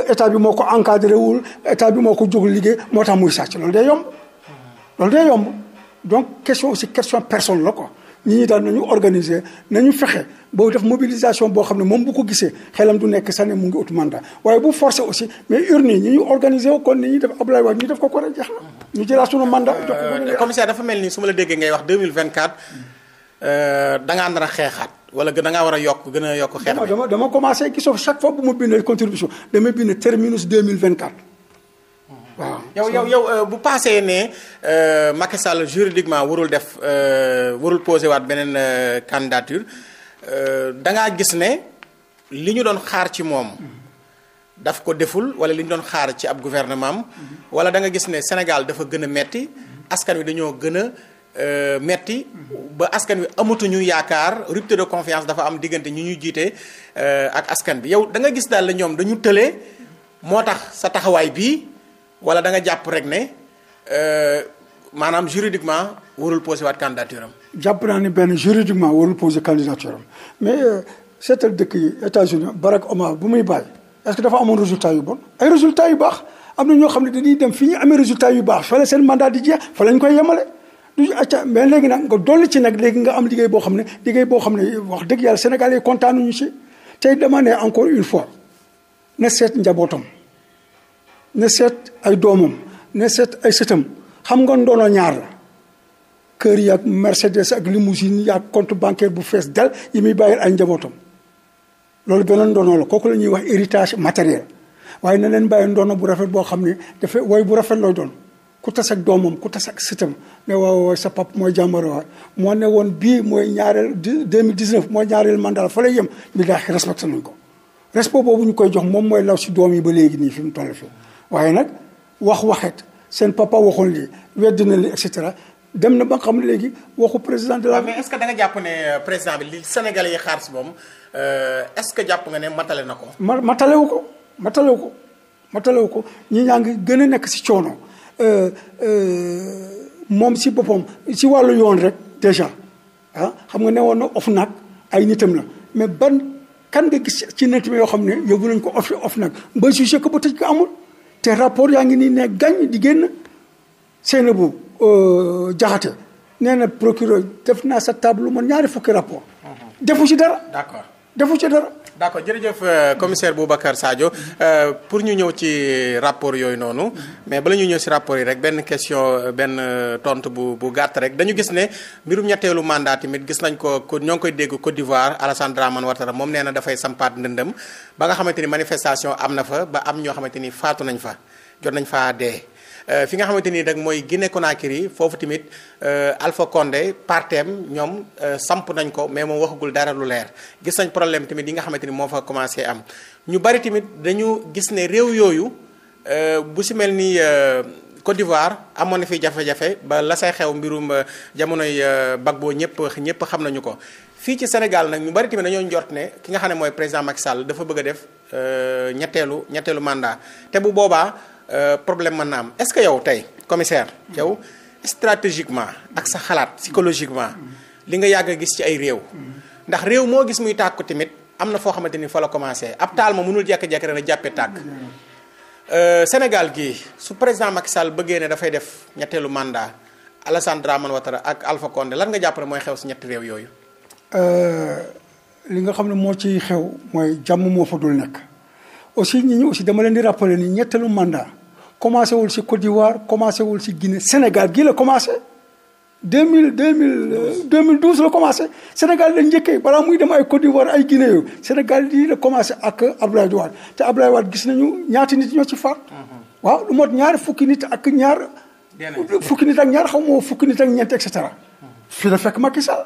état bi moo ko encadré wul état bi moo ko jóg liggéey moo tax muy sàcc loolu day yomb. loolu day yomb donc question aussi question personne la quoi. ñi ñi daal nañu organiser nañu fexe boo def mobilisation boo xam ne moom bu ko gisee xelam du nekk sane mu ngi ut mandat waaye bu forcé aussi mais urne yi ñi ñu organiser kon ni ñuy def Abdoulaye Wade ñu def ko ko rek jeex na ñu jëlaat sunu mandat jox ko euh, dafa mel ni su ma la déggee ngay wax 2024 euh, da ngaa nar a xeexaat wala da war a yokk gën a yokk xeex dama dama commencé gisoo chaque fois bu ma waaw yow yow yow euh, bu paasee ne euh, Macky Sall juridiquement warul def euh, warul posé waat beneen candidature da ngaa gis ne li ñu doon xaar ci moom. daf ko deful wala li ñu doon xaar ci ab gouvernement am. wala da nga gis ne Sénégal dafa gën a metti askan wi dañoo gën a. Euh, metti ba askan wi amatuñu yaakaar rupture de confiance dafa am diggante ñu ñu jiite euh, ak askan bi yow da nga gis daal ñoom dañu tële moo tax sa taxawaay bii wala da nga jàpp rek ne euh, maanaam juridiquement warul posé waat candidature jàpp naa ne benn juridiquement warul posé candidature am mais euh, seetal dëkk yi États-Unis Barack Obama bu muy bàyyi est-ce que dafa amoon résultat yu bon ay résultat yu baax am na ñoo xam ne dañuy dem fi ñu amee résultat yu baax fële seen mandat di jeex fa lañ koy yemale. du acca mais léegi nag nga dolli ci nag léegi nga am liggéey boo xam ne liggéey boo xam ne wax dëgg yàlla Sénégalais yi kontaan nañu tey dama ne encore une fois na seet njabootam. na seet ay doomam na seet ay sëtam xam nga ndoono ñaar la kër yi ak Mercedes ak limousine yi ak compte bancaire bu fees dal yi muy bàyyil ay njabootam loolu beneen ndoono la kooku la ñuy wax héritage matériel waaye na leen bàyyi ndoono bu rafet boo xam ne dafa woy bu rafet looy doon ku tas ak doomam ku tas ak sëtam ne waaw sa pap mooy jàmbaro waay moo ne woon bii mooy ñaareel deux mille dix-neuf mooy ñaareel mandat fa lay yem bi daal respecté ko respect boobu ñu koy jox moom mooy law si doom yi ba léegi nii fi mu toll fii waaye nag wax waxet seen papa waxoon lii wedd na lii et cetera dem na ba nga xam ne léegi waxu président de la. Ah, mais est-ce que da nga jàpp ne euh, président bi li Sénégalais yi xaar si moom euh, est-ce que jàpp nga ne matale na ko. ma matalewu ko matalewu ko matalewu ko ñi ñaa ngi gën nekk si coono euh, moom si boppam si wàllu yoon rek déjà ah xam nga ne woon na of naag ay nitam na mais ba kan nga gis ci nit yoo xam ne yóbbu nañ ko of of nag ba jugé ko ba tëj ko amul. te rapport yaa ngi nii ne gañ di génn Seynabou euh, Diakhaté nee na procureur def naa sa table man ñaari fukki rapport defu ci dara defu ci dara d' accord jërëjëf euh, commissaire Boubacar Sadio euh, pour ñu ñëw ci rapport yooyu noonu mais bala ñu ñëw si rapport yi rek benn question euh, benn tontu bu bu gàtt rek dañu gis ne mbirum ñetteelu mandat tamit gis nañ ko ko ñoo ngi koy dégg Côte d'Ivoire Alassane Dramane Ouattara moom nee na dafay sampaat ndëndëm ba nga xamante ni manifestation am na fa ba am ñoo xamante ni faatu nañ fa jot nañ faa dee. Euh, fi nga xamante ni nag mooy Guinée Conakry foofu tamit euh, Alpha Condé partem ñoom euh, samp nañ ko mais moom waxagul dara lu leer gis nañ problème tamit yi nga xamante ni moo fa commencé am ñu bari tamit dañu gis ne réew yooyu bu si mel ni Côte d'Ivoire amoon na fi jafe-jafe ba la say xew mbirum jamonoy Gbagbo ñëpp ñëpp xam nañu ko fii ci Sénégal nag ñu bari tamit dañoo njort ne ki nga xam ne mooy président Macky Sall dafa bëgg a def ñetteelu ñetteelu mandat te Euh, problème mën na am est-ce que yow tey commissaire yow stratégiquement ak sa xalaat psychologiquement li nga yàgg a gis ci ay réew ndax réew moo gis muy tàkku tamit am na foo xamante ni fa la commencé ab taal ma mënul jékki-jékki rek jàppee tàkk euh, Sénégal gi su président Macky Sall bëggee ne dafay def ñetteelu mandat Alassane Dramane Ouattara ak Alpha Condé lan nga jàpp ne mooy xew si ñetti réew yooyu. Euh, li nga xam ne moo ci xew mooy jàmm moo fa dul nekk aussi ñi ñu aussi dama leen di rappeler ñetteelu mandat commencé wul si Côte d'Ivoire commencé wul si Guinée Sénégal gii la commencé. deux mille deux mille euh, deux mille la commencé Sénégal la njëkkee balaa muy dem ay Côte d'Ivoire ay Guinée yooyu Sénégal lii la commencé ak Abdoulaye Wade te Abdoulaye Wade gis nañu ñaati nit ñoo ci far mhm. waaw lu mot ñaari fukki nit ak ñaar. fukki nit ak ñaar xaw ma fukki nit ak ñeent et cetera. Mhm. fi la fekk Macky Sall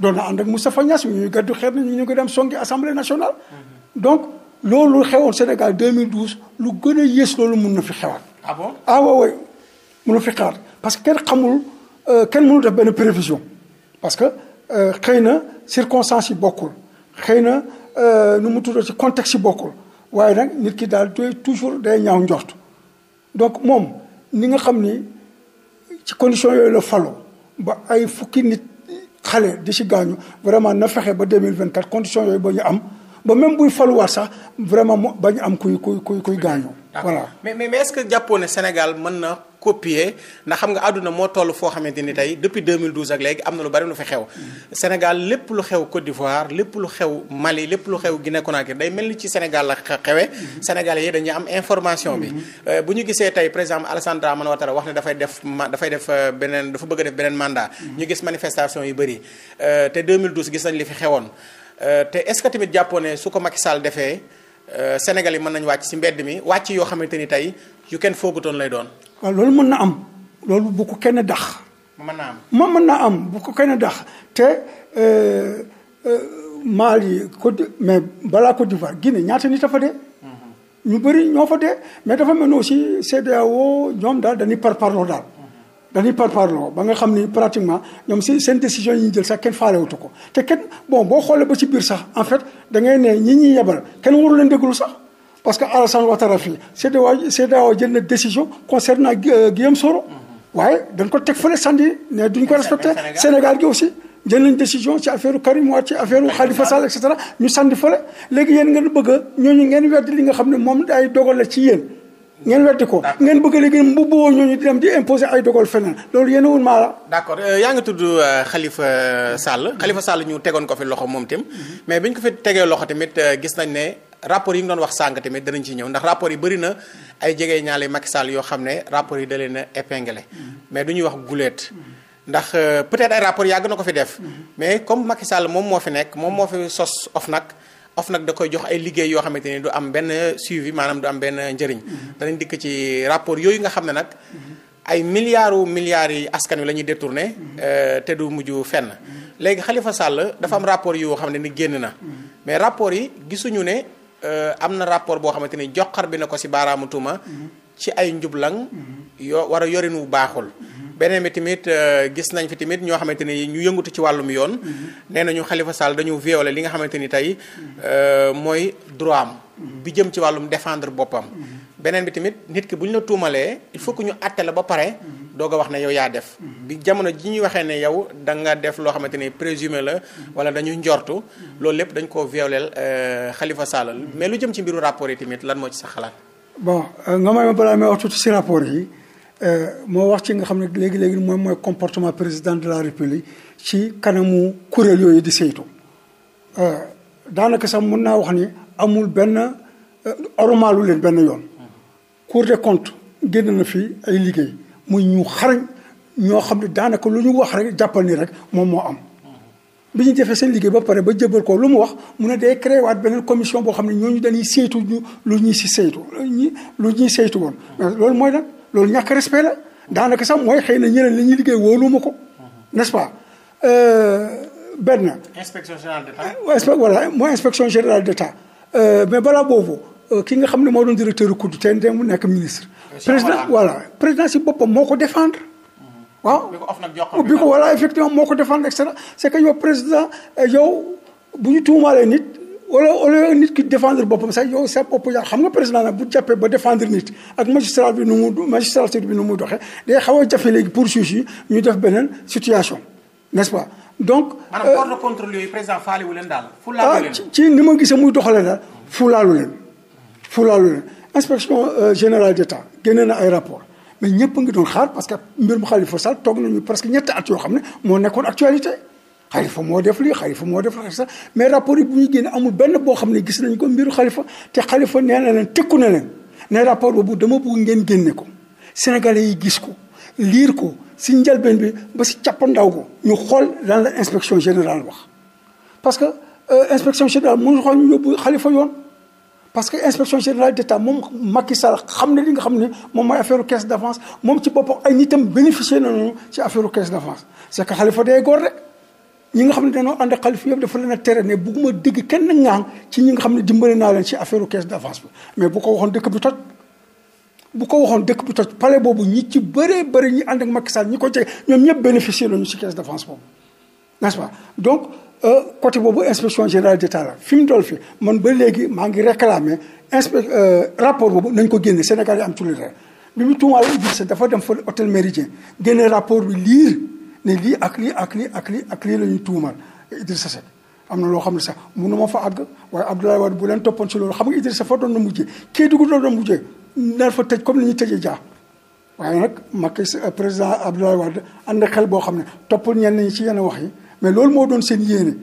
doon na ànd ak Moustapha Niass ñu ñuy gàddu xeer ñu ñu ngi dem songi assemblée nationale. Mhm. donc loolu xewoon Sénégal 2012 lu gën a loolu mun na fi xewaat. ah bon ah waaw waaw mënu fi xaar parce que kenn xamul euh, kenn mënu def benn prévision parce que euh, xëy na circonstances yi bokkul xëy na euh, nu mu tuddoo si contexte yi bokkul waaye nag nit ki daal doy toujours day ñaaw njort donc moom ni nga xam ni ci condition yooyu la faloo ba ay fukki nit xale di ci gaañu vraiment na fexe ba deux mille vingt quatre condition yooyu ba ñu am. ba même buy faluwaat sax vraiment mu bañ am kuy kuy kuy kuy gaañoo. voilà mais mais est-ce que jàppoo ne Sénégal mën na copier ndax xam nga àdduna moo toll foo xamante ni tey depuis 2012 ak léegi am na lu bari lu xew. Sénégal lépp lu xew Côte d'Ivoire lépp lu xew Mali lépp lu xew Guinée Conakry day mel ni ci Sénégal xewee. Mhm. Sénégalais yi dañuy am information bi. Mhm. Euh, bu ñu gisee tey par exemple Alassane Dramane Ouattara wax ne dafay def ma dafay def euh, beneen dafa bëgg a def beneen mandat. Mhm. ñu gis manifestation yu bëri euh, te 2012 gis nañ li fi xewoon. Euh, te est-ce que su ko Macky Sall defee euh, Sénégal yi mën nañu wàcc si mbedd mi wàcc yoo xamante ni tey yu kenn foogutoon lay doon. waaw loolu mën na am loolu bu ko kenn dax. mën naa am moom mën naa am bu ko kenn dax te euh, Mali Côte mais balaa Côte d'Ivoire Guinée ñaata nit a fa dee. Mhm. ñu bëri ñoo fa dee mais dafa mel ni aussi CEDEAO ñoom daal par parparloo daal. dañuy parparloo ba nga xam ni pratiquement ñoom si seen décision ñu jël sax kenn faalewutu ko te kenn bon boo xoolee ba ci biir sax en fait da ngay ne ñi ñuy yebal kenn waru leen déglu sax parce que Alassane Ouattara fii CEDEAO CEDEAO jël na décision concernant euh, Guillaume Soro mm-hmm. waaye dañ ko teg fële sandi ne duñ ko respecté Sénégal gi aussi jël nañ décision ci affaire Karim Wade ci affaire Khalifa Sall ñu sandi fële léegi yéen ngeen bëgg ñooñu ngeen weddi li nga xam ne moom ay dogal ci yéen ngeen weddi ko ngeen bëgg léegi mbubboo ñooñu di dem di imposer ay dogal feneen loolu yéen woon maa la. d' accord euh, yaa ngi tudd euh, Khalifa Sall mhm. Khalifa Sall ñu tegoon ko fi loxo moom tam mhm. mais bi ñu ko fi tegee loxo tamit euh, gis nañ ne rapport yi nga doon wax sànq tamit danañ ci ñëw ndax rapport yi barina ay jege ñaale Macky Sall yoo xam ne rapport yi da leen a mhm. mais du ñuy wax guleet ndax peut-être ay rapport yàgg na ko fi def mais comme Macky Sall moom moo fi nekk moom moo fi sos OFNAC nag da koy jox ay liggéey yoo xamante ni du am benn suivi maanaam du am benn njariñ mm-hmm. danañ dikk ci rapport yooyu nga xam ne nag. Mm-hmm. ay milliards ou milliards yi askan wi la ñuy détourné. Mm-hmm. Euh, te du mujj fenn. léegi xalifa Sall dafa am rapport yoo xam ne ni génn na. mais rapport yi gisuñu ne euh, am na rapport boo xamante ni joxar bi na ko ci baaraamu tuuma. ci ay njublang. yoo war a yorin wu baaxul. beneen bi tamit euh, gis nañ fi tamit ñoo xamante ni ñu yëngatu ci wàllum yoon. Mhm. nee nañu Khalifa Sall dañu violé li nga xamante ni tey euh, mooy droit am. bi jëm ci wàllum defendre boppam. Mhm. beneen bi tamit nit ki bu ñu la tuumalee il faut que ñu àtte la ba pare. Mhm. doog wax na yow yaa def. bi jamono ji ñu waxee ne yow da nga def loo xamante ni présumé la. wala dañu njortu. loolu lépp dañ koo violeel euh, xalifa Sall mais lu jëm ci mbiru rapport yi tamit lan moo ci sa xalaat. yi. Euh, moo wax ci nga xam ne léegi léegi moom mooy mooy comportement président de la république ci kanamu kuréel yooyu di saytu euh, daanaka sax mën naa wax ni amul benn euh, ormaalu leen benn yoon. cour des comptes génn na fi ay liggéey muy ñu xarañ ñoo xam ne daanaka lu ñu wax rek jàppal nii rek moom moo am. bi ñu defee seen liggéey ba pare ba jëbal ko lu mu wax mu ne dee créé waat beneen commission boo xam ne ñooñu dañuy saytu ñu lu ñuy si saytu lu ñuy saytu woon loolu mooy lan. loolu ñàkk respect la daanaka sax mooy xëy na ñeneen li ñuy liggéey wóoluwuma ko n'est-ce pas euh, benn. inspection générale d'État. Euh, voilà mooy inspection générale d'État euh, mais balaa boobu ki nga xam ne moo doon directeur COUD te te mu nekk ministre. président voilà président si boppam moo ko défendre. Mm-hmm. waaw bi ko voilà effectivement moo ko défendre et cetera c'est que yow président yow bu ñu tuumaalee nit. wala wala nit ki défendre boppam sax yow sa bopp yaa xam nga président nag bu jàppee ba défendre nit ak magistrat bi nu mu magistrature bi nu a jafe léegi pour juge ñu def beneen situation n'est-ce pas. donc maanaam corps euh, de wu leen daal. fulaalu ah, ci ni ma gisee muy doxalee daal fulaalu leen fulaalu leen inspection euh, générale d'État génne na ay rapport mais ñëpp a ngi doon xaar parce que mbir mu Khalifa Sall toog nañu presque ñetti at yoo xam ne moo nekkoon actualité. xalifa moo def lii xalifa moo def sax mais rapport yi bu ñu génne amul benn boo xam ne gis nañ ko mbiru xalifa te xalifa nee na leen na leen ne rapport boobu dama bëgg ngeen génne ko sénégalais yi gis ko liir ko si njëlbeen bi ba si cappandaw ko ñu xool lan la inspection générale wax parce que euh, inspection générale mënu xool ñu yóbbu xalifa yoon que inspection générale d'État moom Macky Sall xam ne li nga xam ne moom mooy affaire caisse d'avance moom ci boppam ay nitam bénéficier nañu ci affaire caisse d'avance c'est que xalifa day góor de ñi nga xam ne dañoo ànd xalif yëpp dafa leen a tere ne bugguma dégg kenn ŋaang ci ñi nga xam ne dimbale na leen ci affaire caisse d'avance bi mais bu ko waxoon dëkk bi toj bu ko waxoon dëkk bi toj boobu ñi ci bëree bëri ñi ànd ak Macky Sall ñi ko jege ñoom ñëpp bénéficier lañu ci caisse d'avance boobu n'est-ce donc euh, côté boobu inspection générale d'État la fi mu dool fi man ba léegi maa ngi réclamer inspec euh, rapport boobu nañ ko génne Sénégal yi am tous les bi mu tuumaale Idrissa dafa dem rapport bi liir ne lii ak lii ak lii ak lii ak lii la ñuy tuumal Idrissa Seck am na loo xam ne sax mënu ma fa àgg waaye Abdoulaye Wade bu leen toppoon si loolu xam nga Idrissa fa doon na mujjee kii dugg doon na mujjee nar fa tëj comme ni ñuy tëjee jaa waaye nag Macky président Abdoulaye Wade ànd na xel boo xam ne toppul ñenn ñi ci yenn wax yi mais loolu moo doon seen yéene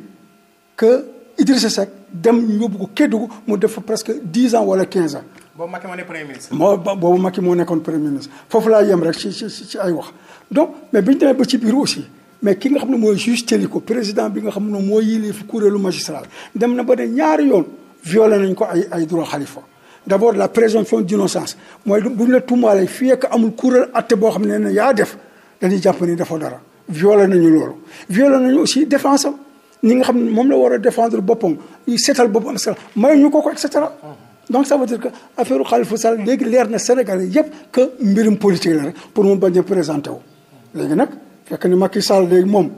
que Idrissa Seck dem ñu yóbbu ko Kédougou mu def fa presque dix ans wala quinze ans boobu Macky moo nekk premier ministre. moo boobu Macky moo nekkoon premier ministre foofu laa yem rek ci ci ci ay wax donc mais bi ñu ba ci biir aussi mais ki nga xam ne mooy juge Téliko président bi nga xam ne moo yilif kuréelu magistral dem na ba ne ñaari yoon violé nañ ko ay ay droit xalifa la présomption d'innocence mooy bu ñu la tuumaalee fii ak amul kuréel atte boo xam ne ne yaa def dañuy jàpp ni dafa dara violé nañu loolu violé nañu aussi défense am ñi nga xam ne moom la war a défendre boppam seetal boppam et cetera ko ko donc ça veut dire que affaire Khalifa Sall léegi leer na Sénégalais yëpp que mbirum politique la rek pour mu bañ a présenté wu. léegi nag fekk ni Macky Sall léegi moom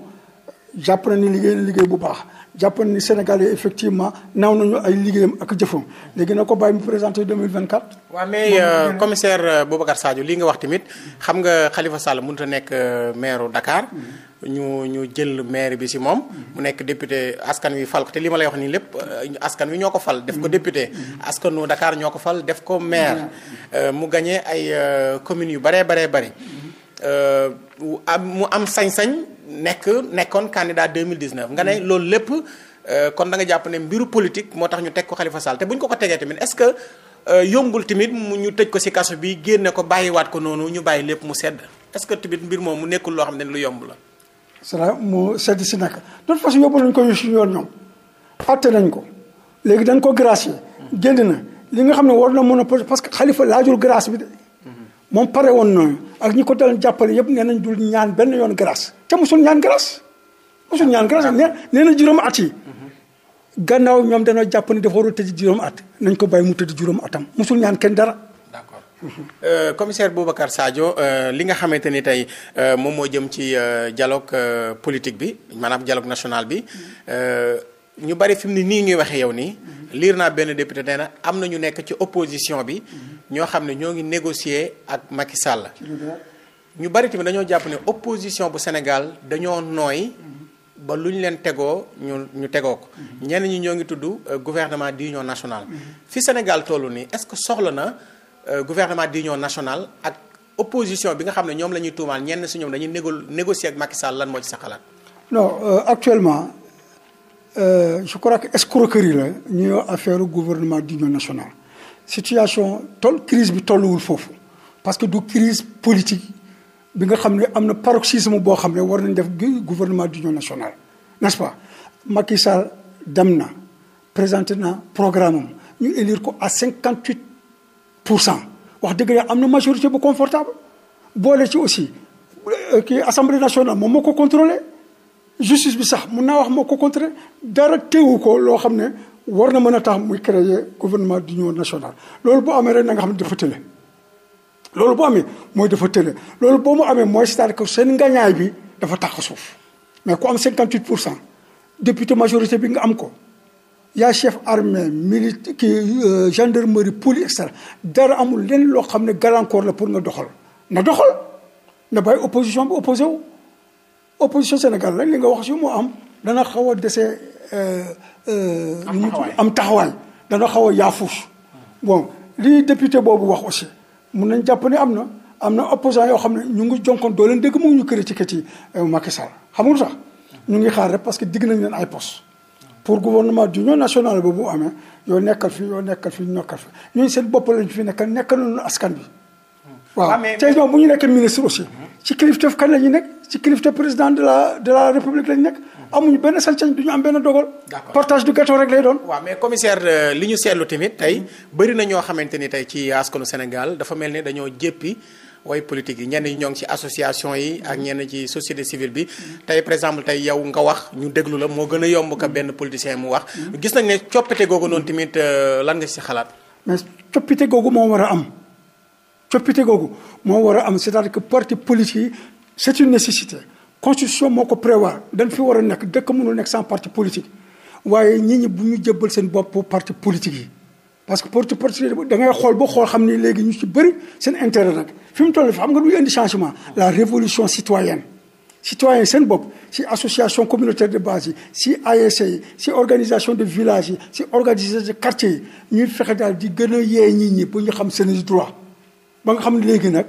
jàpp na ni liggéey liggéey bu baax. jàppoon Sénégal yi effectivement naaw nañu ay liggéeyam ak jëfam léegi na ko bàyyi mu présenté 2024. waaw mais euh, commissaire euh, Boubacar Sadio lii nga wax tamit xam nga xalifa Sall mënut a nekk euh, maire Dakar. ñu ñu jël maire bi ci moom. mu nekk député askan wi fal te li ma lay wax nii lépp askan wi ñoo ko fal. def ko député askanu Dakar ñoo ko fal def ko maire. mu gagné ay communes yu baree baree bari. mu am sañ-sañ. nekk nekkoon candidat 2019 nga ne mm. loolu lépp euh, kon da nga jàpp ne mbiru politique moo tax ñu teg ko Khalifa Sall te bu ñu ko ko tegee tamit est que euh, yombul tamit mu ñu tëj ko ci kaso bi génne ko bàyyiwaat ko noonu ñu bàyyi lépp mu sedd est-ce que tamit mbir moom mu nekkul loo xam ne lu yomb la. cela mu sedd ci naka de toute façon yóbbu nañu ko suñu yoon ñoom. atte nañ ko léegi dañ ko yi génn na li nga xam ne war na mën a parce que xalifa laajul grâce bi de. Mm-hmm. moom pare woon ak ñi ko dal jàppale yëpp nee nañ dul ñaan benn yoon grâce. te mosul ñaan grâce mosul ñaan grâce nee nee na juróom at yi gannaaw ñoom dañoo jàpp ne dafa war a tëdd juróom at nañ ko bàyyi mu tëdd juróom atam mosul ñaan kenn dara. d'accord euh, commissaire Boubacar saajo euh, li nga xamante ni tey euh, moom moo jëm ci jaloog politique bi maanaam dialogue national bi ñu bari fi mu ne nii ñuy waxee yow nii. liir naa benn député nee na am na ñu nekk ci opposition bi. ñoo xam ne ñoo ngi négocier ak Macky Sall. ñu bari tamit dañoo jàpp ne opposition bu Sénégal dañoo nooy ba lu ñu leen tegoo ñu ñu tegoo ko. ñenn ñi ñoo ngi tudd euh, gouvernement d'union nationale. fi Sénégal tollu nii est-ce que soxla na euh, gouvernement d'union national ak opposition bi nga xam ne ñoom la ñuy tuumaal ñenn si ñoom dañuy négo négocier ak Macky Sall lan moo ci sa xalaat. non euh, actuellement euh, je crois que escroquerie la ñuy wax affaire gouvernement d'union national situation toll crise bi tolluwul foofu parce que du crise politique. bi nga xam ne am na paroxysme boo xam ne war nañ def gouvernement d'union nationale n'est-ce pas Macky dem na présenté na programme am ñu élire ko à cinquante huit pour cent wax dëgg yàlla am na majorité bu confortable boole ci aussi euh, kii assemblée nationale moom moo ko contrôlé justice bi sax mun na wax moo ko contrôlé dara teewu ko loo xam ne war na mën a tax muy créer gouvernement d'union national loolu boo amee rek na nga xam ne dafa tële loolu boo amee mooy dafa tële loolu boo mu amee mooy c'est-à-dire que seen ngañaay bi dafa tax suuf mais ku am 58 pour cent député majorité bi nga am ko yaa chef armée militaire kii euh, gendarmerie police et cetera dara amul leen loo xam ne gàllankoor la pour nga doxal na doxal na bàyyi opposition bi opposé wu opposition Sénégal lañ li nga wax si moo am dana xaw a dese. Euh, euh, am taxawaay am taxawaay dana xaw a yaafuus bon li député boobu wax aussi. mun nañ jàpp ne am na am na opposant yoo xam ne ñu ngi jonkoon doo leen dégg mu ñu critiquer ci euh, Macky Sall xam nga lu tax ñu ngi xaar rek parce que digg nañ leen ay poste pour gouvernement d'union nationale boobu amee yoo nekkal fi yoo nekkal fi ñu nekkal fi ñooñu seen bopp lañ fi nekkal nekkal nañu askan bi waaw ah, tey ñoom bu ñu nekk ministre aussi ci kilifteef kañ la ñu nekk ci kilifteef président de la de la république la nekk amuñu benn sañ-sañ du ñu am benn dogal partage du gâteau rek lay doon waaw mais commissaire euh, li ñu seetlu tamit tey bëri na ñoo xamante ni tey ci askanu Sénégal dafa mel ni dañoo jëppi way politique yi ñenn ñi ñoo ngi ci association yi ak ñenn ci société civile bi tey par exemple tey yow nga wax ñu déglu la moo gën a yomb ka benn politicien mu wax mm-hmm. gis nañ ne coppite googu noonu tamit euh, lan nga ci xalaat mais coppite moo war a am coppite googu moo war a am cest à que parti politique yi c'est une nécessité constitution moo ko prévoir dan fi war a nekk dëkk mënul nekk sans parti politique waaye ñi ñi bu ñu jëbbal seen bopp parti politique yi parce que parti politique da ngay xool ba xool xam ni léegi ñu ci bëri seen intérêt nag fi mu toll fi xam nga du indi changement la révolution citoyenne citoyen seen bopp si association communautaire de base yi si ASC yi si organisation de village si organisation de quartier ñuy fexe daal di gën a yee nit ñi bu ñu xam seen droit ba nga xam ne léegi nag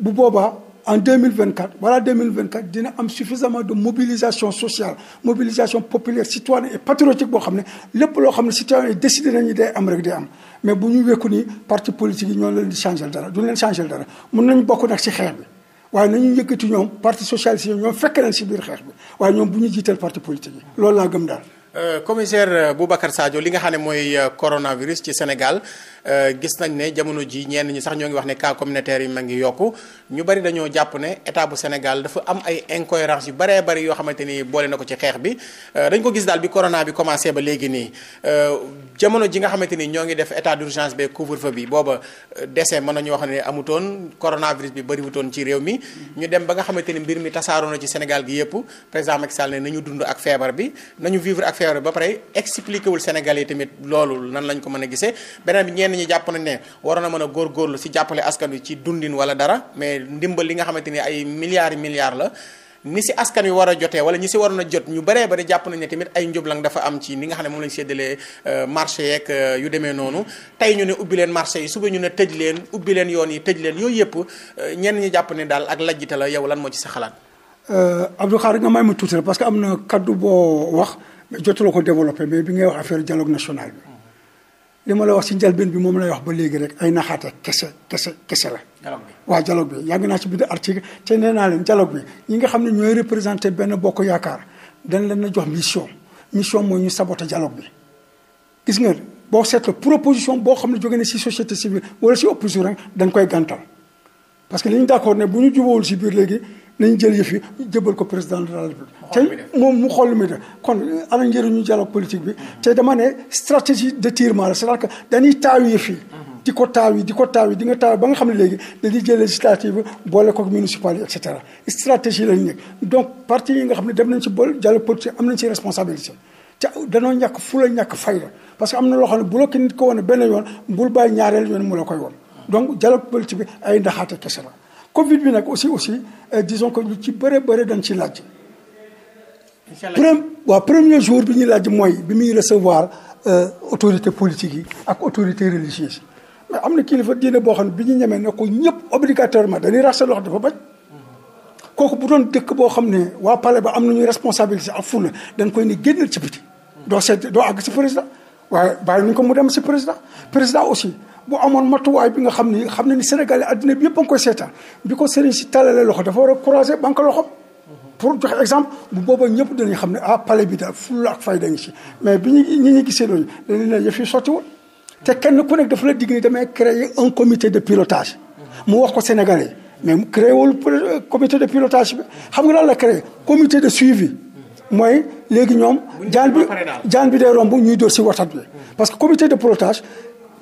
bu boobaa en deux mille vingt quatre balaa deux mille vingt quatre dina am suffisamment de mobilisation sociale mobilisation populaire citoyenne et patriotique boo xam ne lépp loo xam ne citoyen yi décidé nañu day am rek day am mais bu ñu wekku ni parti politique yi ñoo leen di changé dara du leen changé dara mun nañ bokk nag ci xeex bi waaye nañu yëkkati ñoom parti socialiste yi ñoom fekk nañ si biir xeex bi waaye ñoom bu ñu jiital parti politique yi loolu laa gëm daal. Euh, commissaire Boubacar Sadio li nga xam ne mooy euh, coronavirus ci Sénégal. Euh, gis nañ ne jamono ji ñeen ñi sax ñoo ngi wax ne cas communautaire yi ma ngi yokku ñu bari dañoo jàpp ne état bu Sénégal dafa am ay incohérence yu baree bari yoo xamante ni boole na ko ci xeex bi euh, dañ ko gis daal bi corona bi commencé ba léegi nii euh, jamono ji nga xamante ni ñoo ngi def état d'urgence bee couvre-feu bi booba décès mën nañu wax ne amutoon coronavirus bi bariwutoon ci réew mi ñu dem ba nga xamante ni mbir mi tasaaroo na ci Sénégal gi yëpp président Macky Sall nañu dund ak feebar bi nañu vivre ak feebar ba pare expliqué wul Sénégalais yi tamit loolu nan lañ ko mën a gisee ñi jàpp nañ ne waroon a mën a góorgóorlu si jàppale askan wi ci dundin wala dara mais ndimbal li nga xamante ni ay milliards milliards la ni si askan wi war a jotee wala ñi si waroon a jot ñu bëree bëri jàpp nañ ne tamit ay dafa am ci ni nga xam ne moom lañ séddalee euh, marché yeeg euh, yu demee noonu tey ñu ne ubbi leen marché yi suba ñu ne tëj leen ubbi leen yoon yi tëj leen yooyu yëpp euh, ñenn ñi jàpp ne daal ak lajjite la yow lan moo ci sa xalaat. Abdou Khare nga may ma tuuti parce que am na kaddu boo wax mais jotuloo ko développé mais bi ngay wax affaire dialogue national li ma la wax ci njëlbeen bi moom lay wax ba léegi rek ay naxaate kese kese kese la. dialogue bi waaw dialogue bi yàgg naa ci biir article te nee naa leen dialogue bi ñi nga xam ne ñooy représenté benn bokk yaakaar dañ leen na jox mission mission mooy ñu saboté dialogue bi gis nga boo seetloo proposition boo xam ne jóge na si société civile wala ci opposition rek dañ koy gàntal parce que li ñu d'accord ne bu ñu jubóowul si biir léegi. nañ jël yëf yi jëbal ko président de la république te moom mu xool lu muy def kon ana njëriñu dialogue politique bi te dama ne stratégie de tirement la c'est-à-dire que dañuy taaw yëf yi mhm. di ko taaw yi di ko nga taaw ba nga xam ne léegi dañuy jël législative boole ko municipal yi et cetera stratégie lañu donc parti yi nga xam ne dem nañ ci bool dialogue politique am nañ ci responsabilité te danoo ñàkk fu la ñàkk fayda parce que am na loo xam ne bu la ko nit ko wane yoon bul bàyyi ñaareel yoon mu la koy woon donc dialogue politique bi ay ndaxaate kese la Covid bi nag aussi aussi euh, disons que ñu ci bëre bëre dañ ci laaj. incha allah waaw premier jour bi ñuy laaj mooy bi muy recevoir euh, autorité politique yi ak autorité religieuse mais am na kilifa diine boo xam ne bi ñu ñemee ne ko ñëpp obligatoirement dañuy raxas loxo dafa bañ. kooku bu doon dëkk boo xam ne waa pale ba am nañu responsabilité ak fulla dañ koy ni génnal ci biti. doo seet doo àgg si président waaye bàyyi nañu ko mu dem si président président aussi. bu amoon matuwaay bi nga xam ni xam ne ni Sénégal adduna bi yëpp a ngi koy seetaan bi ko sëriñ si tàllale loxo dafa war a croiser banque loxo pour joxe exemple bu booba ñëpp dinañ xam ne a ah, palais bi daal fulla ak fayda ngi si mais bi ñu ñi ñu gisee loolu dañu ne yëf yi sottiwul te kenn ku nekk dafa la digg ni damay créer un comité de pilotage mu wax ko Sénégalais mais mu créé wul euh, comité de pilotage bi xam nga lan la créé commité de suivi mooy léegi ñoom jaan bi bi day romb ñuy dóor si parce que comité de pilotage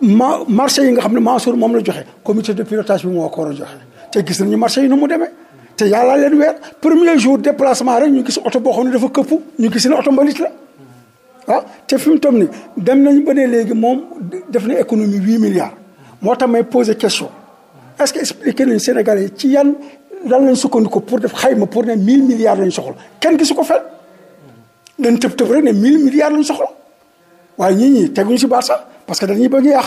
ma marché yi nga xam ne Mansour moom la joxe comité de pilotage bi moo ko war a joxe te gis nañu marché yi nu mu demee te yàlla leen weer premier jour déplacement rek ñu gis oto boo xam ne dafa këpp ñu gis ne oto mbalit la ah, te fi mu toll nii dem nañu ba ne léegi moom def na économie huit milliards moo tax may question est-ce que expliqué nañu Sénégalais yi ci yan lan lañ sukkandiku pour def xay ma pour ne mille milliards lañ soxla kenn gisu ko fenn dañ tëb tëb rek ne mille milliards lañ soxla. waaye ñii ñi teguñu si baat sax parce que dañuy bëgg yàq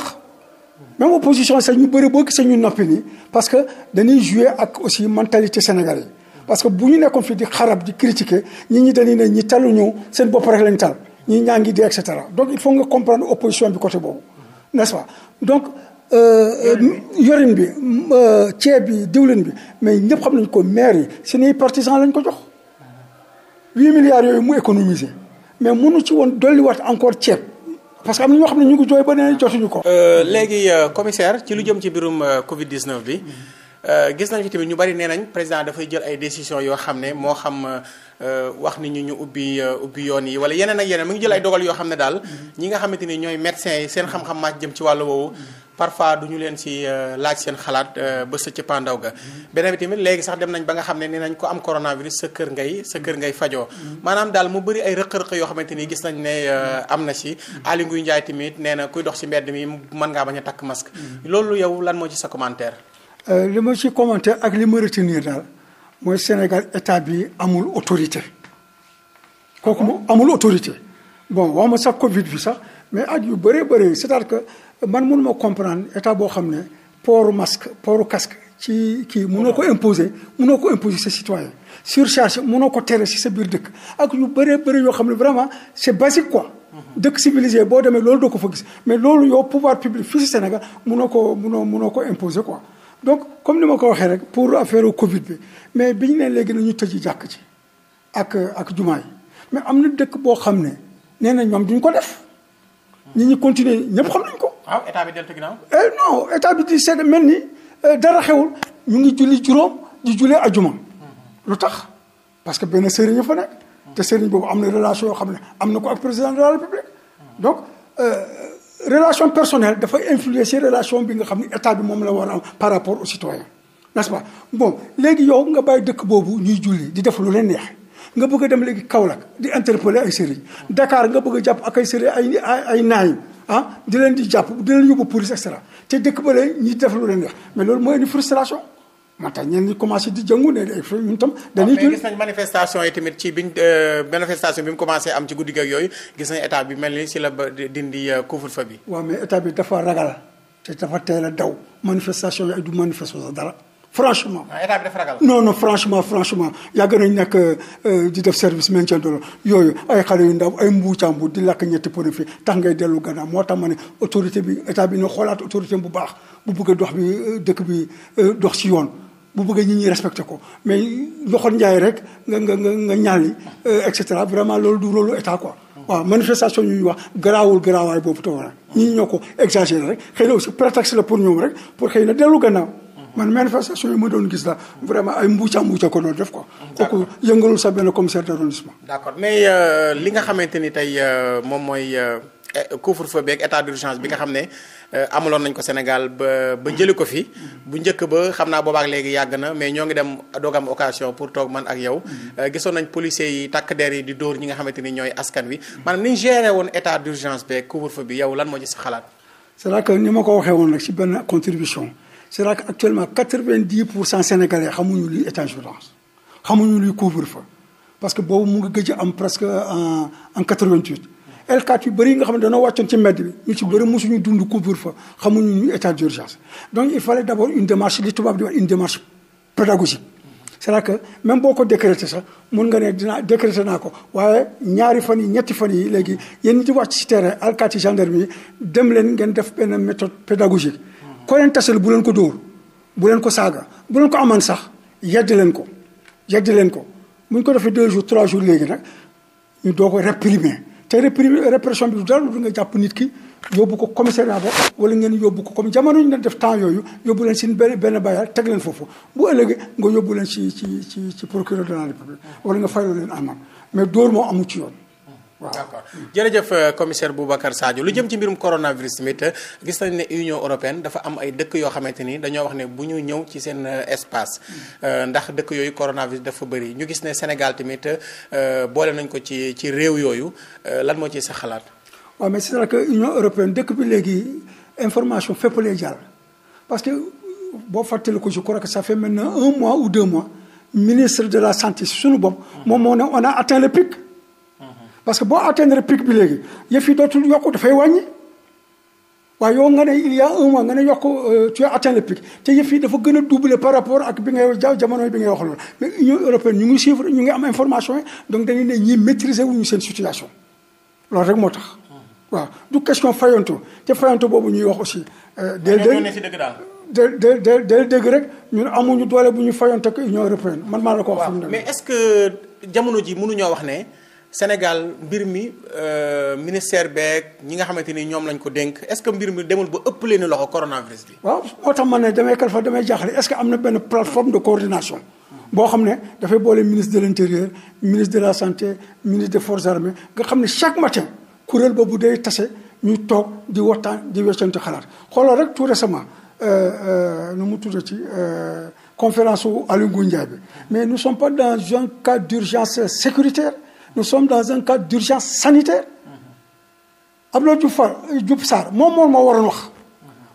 même opposition sax ñu bëri boo gisee ñu noppi nii parce que dañuy jouer ak aussi mentalité sénégalais parce que bu ñu nekkoon fii di xarab di critiquer ñi ñi dañuy ne ñi taluñu seen bopp rek lañ tal ñi ñaa ngi di et cetera donc il faut nga comprendre opposition bi côté boobu n'est-ce pas donc euh, yorin bi ceeb bi diwlin bi mais ñëpp xam nañ ko maire yi seeni partisan lañ ko jox huit milliards yooyu mu économiser mais mënu ci woon dolliwaat encore ceeb parce que am na xam ne ñu ngi jooy ba ne jotuñu ko. Euh, léegi euh, commissaire ci lu jëm ci birum euh, Covid 19 bi. Mm-hmm. Euh, gis nañ fi tamit ñu bari nee nañ président dafay jël ay décision yoo xam ne moo xam euh, wax nit ñu ubbi euh, ubbi yoon yi wala yeneen ak yeneen mu ngi jël ay dogal yoo xam ne daal ñi nga xamante ni ñooy médecins yi seen xam-xam màcc jëm ci wàllu woowu parfois du ñu leen si laaj seen xalaat ba sa ci pandaw ga beneen bi tamit léegi sax dem nañ ba nga xam ne nee nañ ko am coronavirus sa kër ngay sa kër ngay fajoo maanaam daal mu bëri ay rëq-rëq yoo xamante ni gis nañ ne am na si Aly Ngouille Ndiaye tamit nee na kuy dox si mbedd mi mën ngaa bañ a takk masque mm-hmm. loolu yow lan moo ci sa commentaire Euh, li ma ci commenté ak li ma retenir daal mooy Sénégal état bi amul autorité kooku mu amul autorité bon wax ma sax Covid bi sax mais ak yu bëree bëri c'est-à-dire que man mun ma comprendre état boo xam ne port masque port casque ci kii mënoo ko imposer mënoo ko imposer sa citoyen surcharge mënoo ko tere si sa biir dëkk ak yu bëree bëri yoo xam ne vraiment c'est basique quoi dëkk civilisé boo demee loolu doo ko fa mais loolu yow pouvoir public fii si Sénégal mënoo ko mënoo mënoo ko imposer quoi donc comme ni ma ko waxee rek pour affaire Covid bi mais bi ñu ne léegi nañu tëj jàkk ci ak ak jumaa yi mais am na dëkk boo xam ne nee na ñoom duñ ko def. ñi ñu continuer ñëpp xam nañ ko. waaw état bi dellu ginnaaw. Eh, non état bi di seet mel ni eh, dara xewul ñu ngi julli juróom di julli ajuma. lu tax parce que benn sëriñ fa nekk. te sëriñ boobu am na relation yoo xam ne am na ko ak président de la république donc. Eh, relation personnelle dafa influer relation bi nga xam ne état bi moom la war a par rapport aux citoyens n'est-ce pas bon léegi yow nga bàyyi dëkk boobu ñuy julli di def lu leen neex nga bëgg a dem léegi Kaolack di interpeller ay sëriñ Dakar nga bëgg a jàpp ak ay sëriñ ay ay naay ah di leen di jàpp di leen yóbbu police et cetera te dëkk ba léegi ñi def lu leen neex mais loolu mooy indi frustration moo tax ñenn ñi commencé di jëngu ne ñun tam. dañuy tuuti manifestation yi tamit ci biñ euh, manifestation bi mu commencé am ci guddi gi yooyu gis nañ état bi mel ni si la ba dindi euh, couvre-feu bi. waaw mais état bi dafa ragal te dafa teel a daw manifestation yi du manifestation sax dara franchement. Ah, état bi dafa ragal. non non franchement franchement yàgg nañ nekk euh, di def service maintien de yooyu ay xale yu ndaw ay mbuucambu di lakk ñetti pono fi tax ngay dellu gannaaw moo tax ma ne autorité bi état bi na xoolaat autorité bu baax bu bëgg dox bi dëkk bi dox ci yoon. bu bëggee nit ñi respecté ko mais loxol njaay rek nga nga nga nga ñaali euh, et cetera vraiment loolu du rôle état quoi. waaw manifestation yu ñuy wax garaawul garaawaay boobu taw rek ñi ñoo ko exagéré rek xëy na aussi prétexte la pour ñoom rek pour xëy na dellu gannaaw. man manifestation yi ma doon gis la vraiment ay mbuuca mbuuca ko doon def quoi. kooku yëngalul sa benn commissaire d'arrondissement. d'accord mais euh, li nga xamante ni tey euh, moom mooy couvre-feu beeg état d'urgence bi nga xam ne. Euh, amaloon nañ ko Sénégal ba ba jëli ko fi bu njëkk ba xam naa boobaak léegi yàgg na mais ñoo ngi dem doog am occasion pour toog man ak yow mm-hmm. euh, gisoon nañ policiers yi takk der yi di dóor ñi nga xamante ni ñooy askan wi man ni géré woon état d'urgence beeg couvre-feu bi yow lan moo ci xalaat cest à ni ma ko waxee woon rek ci benn contribution c'est-à-dire que actuellement quatre-vingt-dix pour cent sénégalais xamuñu luy état d'urgence xamuñu luy couvre-feu parce que boobu mu ngi gëj am presque en en L4 yu bëri yi nga xam ne dañoo wàccoon ci mbedd bi ñu ci bëri mosuñu dund couvre-feu xamuñu ñu état d'urgence donc il fallait d'abord une démarche li tubaab di wax une démarche pédagogique c'est-à-dire que même boo ko décrété sax mun nga ne dinaa décrété naa ko waaye ñaari fan yi ñetti fan yi léegi yéen ñi di wàcc ci terrain alkaati yi gendarmerie dem leen ngeen def benn méthode pédagogique ko leen tasal bu leen ko dóor bu leen ko saaga bu leen ko amaan sax yedd leen ko yedd leen ko bu ko defee deux jours trois jours léegi nag ñu doo ko réprimer te répression bi du dara du nga jàpp nit ki yóbbu ko commissariat ba wala ngeen yóbbu ko comme jamono ñu leen def temps yooyu yóbbu leen si benn benn bayaal teg leen foofu bu ëllëgee nga yóbbu leen ci ci ci ci procureur de la république wala nga fayloo leen amam mais dóor moo amu ci yoon waaw d'accord jërëjëf euh, commissaire Boubacar Sadio lu jëm ci mbirum coronavirus tamit euh, gis nañ ne Union européenne dafa am ay dëkk yoo xamante ni dañoo wax ne bu ñu ñëw ci seen euh, espace mm. ndax dëkk yooyu coronavirus dafa bëri ñu gis ne Sénégal tamit boole nañ ko ci ci réew yooyu lan moo ciy sa xalaat. waaw mais c'est vrai que Union européenne dëkk bi léegi information fépp lay jàll parce que boo fàttali ko ci crois sa ça fait maintenant un mois ou deux mois ministre de la santé suñu bopp. Mm. moom moo ne on a atteint parce que boo atteindre pic bi léegi yëf yi dootul yokku dafay wàññi waaye yow nga ne il y a un nga ne yokk euh, tu as atteint le pic te yëf yi dafa gën a doubler par rapport ak bi ngay jaaw jamono bi ngay wax loolu mais union européenne ñu ngi suivre ñu ngi am information yi donc dañuy ne ñi maîtriser wuñu seen situation loolu rek moo tax waaw du question fayanto te fayanto boobu ñuy wax aussi del del del del dégg rek ne amuñu doole bu ñu fayanto ak union européenne man maa la ko wax mais est-ce que jamono ji mënuñoo wax ne Sénégal mbir mi euh, ministère beeg ñi nga xamante ni ñoom lañ ko dénk est-ce que mbir mi demul ba ëpp leen loxo coronavirus bi. waaw moo tax man ne damay kalfa damay jaaxle est-ce que am na benn plateforme de coordination. boo xam ne dafay boole ministre de l'intérieur ministre de la santé ministre de forces armées nga xam ne chaque matin kuréel boobu day tase ñu toog di waxtaan di weccante xalaat xoolal rek tout récemment euh, euh, nu mu tuddee ci conférence su Aliou Ngouille bi mais nous sommes pas dans un cas d'urgence sécuritaire. nous sommes dans un cadre d'urgence sanitaire Abdoulaye Diouf Fall Diouf Sarr moom moom moo waroon wax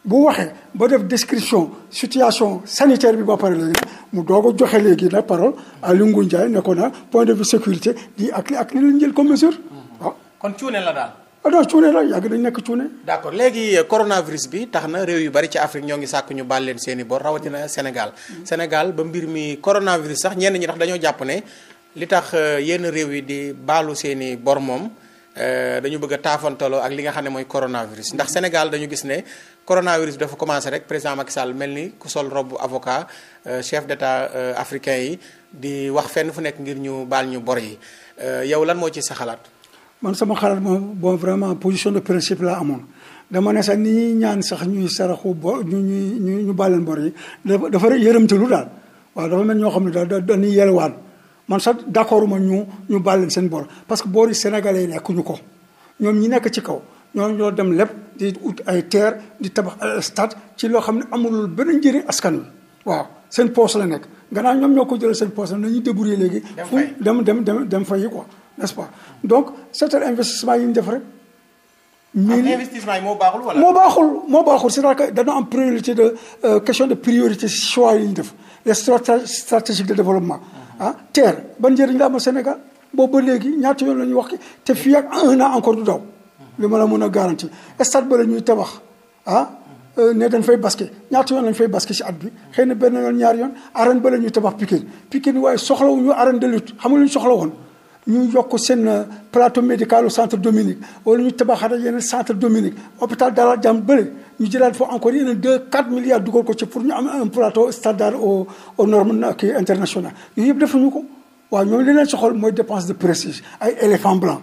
bu waxee ba def description situation sanitaire bi ba pare léegi mu doog a joxe léegi nag parole à Lingu Ndiaye ne ko na point de vue sécurité di ak li ak li lañ jël comme mesure waaw kon cuune la daal ah non cuune la yàgg dañ nekk cuune d'accord léegi euh, coronavirus bi tax na réew yu bari ci Afrique ñoo ngi sàkk ñu baal leen seeni i rawatina Sénégal Sénégal ba mbir mi coronavirus sax ñenn ñi tax dañoo jàpp ne li tax euh, yenn réew yi di baalu seeni bor moom euh, dañu bëgg a taafantaloo ak li nga xam ne mooy coronavirus ndax Sénégal dañu gis ne coronavirus dafa commencé rek président Macky Sall mel ni ku sol robu avocat euh, chef d'état africain yi di wax fenn fu nekk ngir ñu baal ñu bor yi yow lan moo ci sa xalaat. man sama xalaat moom boo vraiment position de principe la amoon dama ne sax ni ñuy ñaan sax ñuy saraxu bo ñu ñu ñu ñu baaleen bor yi dafa dafa yërëmtalu daal waaw dafa mel ñoo xam ne daal dañuy yelwaan man sax d'accord ma ñu ñu baal leen seen bor parce que boori sénégalais yi nekkuñu ko ñoom ñi nekk ci kaw ñoo ñoo dem lépp di ut ay terre di tabax ay stade ci loo xam ne amulul benn njëriñ askan wi waaw seen poche la nekk gannaaw ñoom ñoo ko jëlee seen poche la nañuy débrouiller léegi. fu dem dem dem dem fay yi quoi n'est-ce pas donc c'est un investissement yi ñu def rek. mil investissement yi moo baaxul wala. moo baaxul moo baaxul c'est-à-dire que dañoo am priorité de euh, question de priorité choix yi ñu def. les stratégies de développement ah terre ban njëriñ la am Sénégal boobu ba léegi ñaata yoon la ñuy wax ki te fii ak un an encore du daw li mën a garanti stade ba la ñuy tabax ah euh, ne dañ fay basket ñaata yoon lañ fay basket si at bi xëy na benn yoon ñaari yoon arène ba la ñuy tabax Pikine Pikine waaye soxlawuñu arène de lutte xam nga lu soxla woon ñu yokk seen euh, plateau médical au centre Dominique wala ñu tabaxaat yeneen centre Dominique hôpital Dalal Jàmm bëri ñu jëlaat fa encore yeneen deux quatre milliards dugal ko ci pour ñu am un plateau standard au aux normes kii international yooyu yëpp defuñu ko waaw ñoom li leen soxal mooy dépense de prestige ay éléphant blanc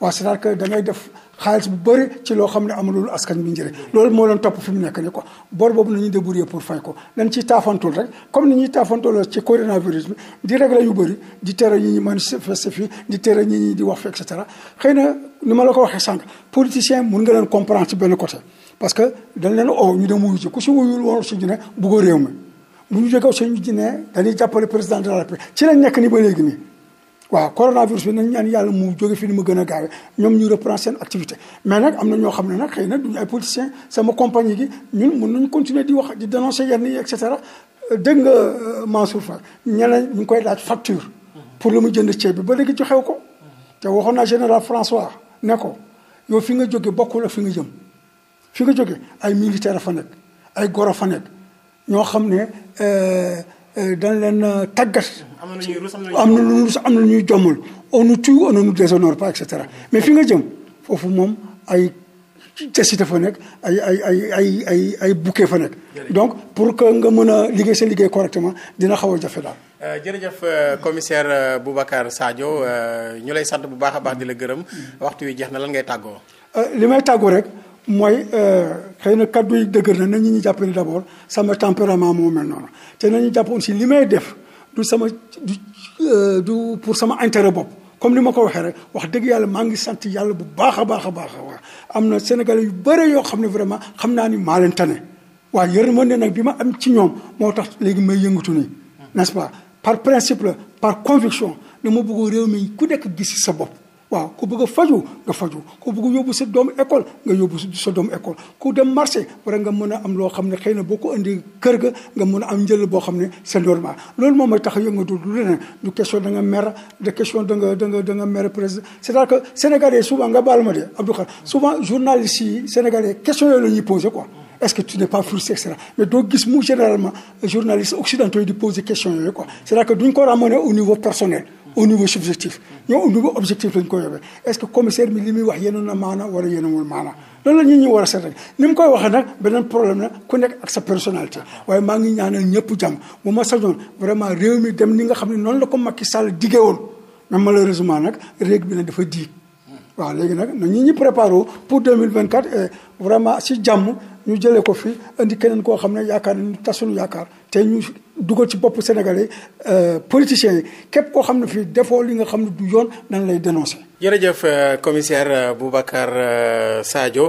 waaw c'est-à-dire que da ngay def xaalis bu bëri ci loo xam ne amulul askan bi njëriñ lool moo leen topp fi mu nekk nii quoi bor boobu nañuy débrouiller pour fay ko dañ ciy taafantul rek comme ni ñuy taafantuloo ci coronavirus bi di régler yu bëri di tere ñi ñi manifester di tere ñi di wax fi et cetera xëy na ni ma la ko waxee sànq politicien mun nga leen comprendre ci benn côté parce que dañ leen oo ñu dem wuyu ci ku si wuyul woon suñu ne bëggoo réew mi bu ñu jógee dañuy jàppale président de la République ci lañ nekk ni waaw coronavirus bi nañ ñaan yàlla mu jóge fi ni mu gën a gaawee ñoom ñu reprendre seen activité mais nag am na ñoo xam ne nag xëy na duñu ay politiciens sama compagnie gi ñun mën nañu continuer di wax di dénoncer yenn yi et cetera dégg nga euh, Mansour Faye ñeneen ñu ngi koy laaj facture pour lu mu jënd ceeb bi ba léegi ci xew ko te waxoon naa général François ne ko yow fi nga jóge bokkul ak fi nga jëm fi nga jóge ay militaire fa nekk ay goro fa nekk ñoo xam ne euh, euh, dañ leen tàggat am na lu ñuy rus am na lu ñuy jommul on nous tue on ne nous déshonore pas et mais fi nga jëm foofu moom ay cesite fa nekk ay ay ay ay ay ay bouquet fa nekk donc pour que nga mën a liggéey sa liggéey correctement dina xaw a jafe daal euh, jërëjëf euh, commissaire euh, Boubacar Sadio ñu lay sant bu baax a baax di la gërëm mm. waxtu wi jeex na lan ngay tàggoo li may tàggoo rek mooy xëy na kaddu yi dëgër na na ñu ñu jàpp ne d'abord sama tempérament moo mel noonu te nañu jàpp si li may def du sama du euh, du pour sama intérêt bopp comme ni ma ko waxee rek wax dëgg yàlla maa ngi sant yàlla bu baax a baax a baax a baax am na sénégal yu bëre yoo xam ne vraiment xam naa ni maa leen tane waaw yërmande nag bi ma am ci ñoom moo tax léegi may yëngatu nii n'est-ce par principe la par conviction dama bëgg réew mi ku nekk gis sa bopp waaw ku bëgg a faju nga faju ku bëgg yóbbu sa doom école nga yóbbu sa doom école ku dem marché wala nga mën a am loo xam ne xëy na boo ko indi kër ga nga mën a am njël boo xam ne c'est normal loolu moom mooy tax yëngatu du leneen du question da nga mer de question da nga da nga da nga mer président c'est-à-dire que sénégalais souvent nga baal ma de Abdou Khadre souvent journalistes yi sénégalais question yooyu la ñuy posé quoi est-ce que tu n'es pas frustré et mais doo gis mu généralement journalistes occidentaux au niveau subjectif ñoom au niveau objectif lañ koy yóbbee est-ce que commissaire bi li muy wax yenoon maana wala yenowul maana loolu la ñun ñu war a seet rek ni mu koy waxee nag beneen problème la ku nekk ak sa personnalité waaye maa ngi ñaanal ñëpp jàmm bu ma sañoon vraiment réew mi dem ni nga xam ne noonu la ko Macky Sall diggee woon mais malheureusement nag réeg bi nag dafa diig waaw léegi nag na ñi ñi préparé wu pour 2024 et vraiment si jàmm ñu jëlee ko fi indi keneen koo xam ne yaakaar ni tasuñu yaakaar te ñu dugal ci bopp sénégalais euh, politiciens yi képp koo xam ne fii defoo li nga xam ne du yoon nañ lay dénoncer. jërëjëf euh, commissaire euh, Boubacar Sadio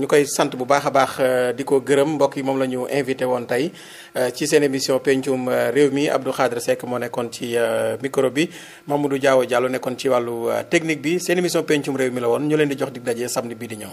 ñu koy sant bu baax a baax di ko gërëm mbokk yi moom la ñu invité woon tey ci seen émission pencum réew mi Abdou Khadre sekk moo nekkoon ci micro bi du Diaw Diallo nekkoon ci wàllu technique bi seen émission pencum réew mi la woon ñu leen di jox dig daje samedi bii di ñëw.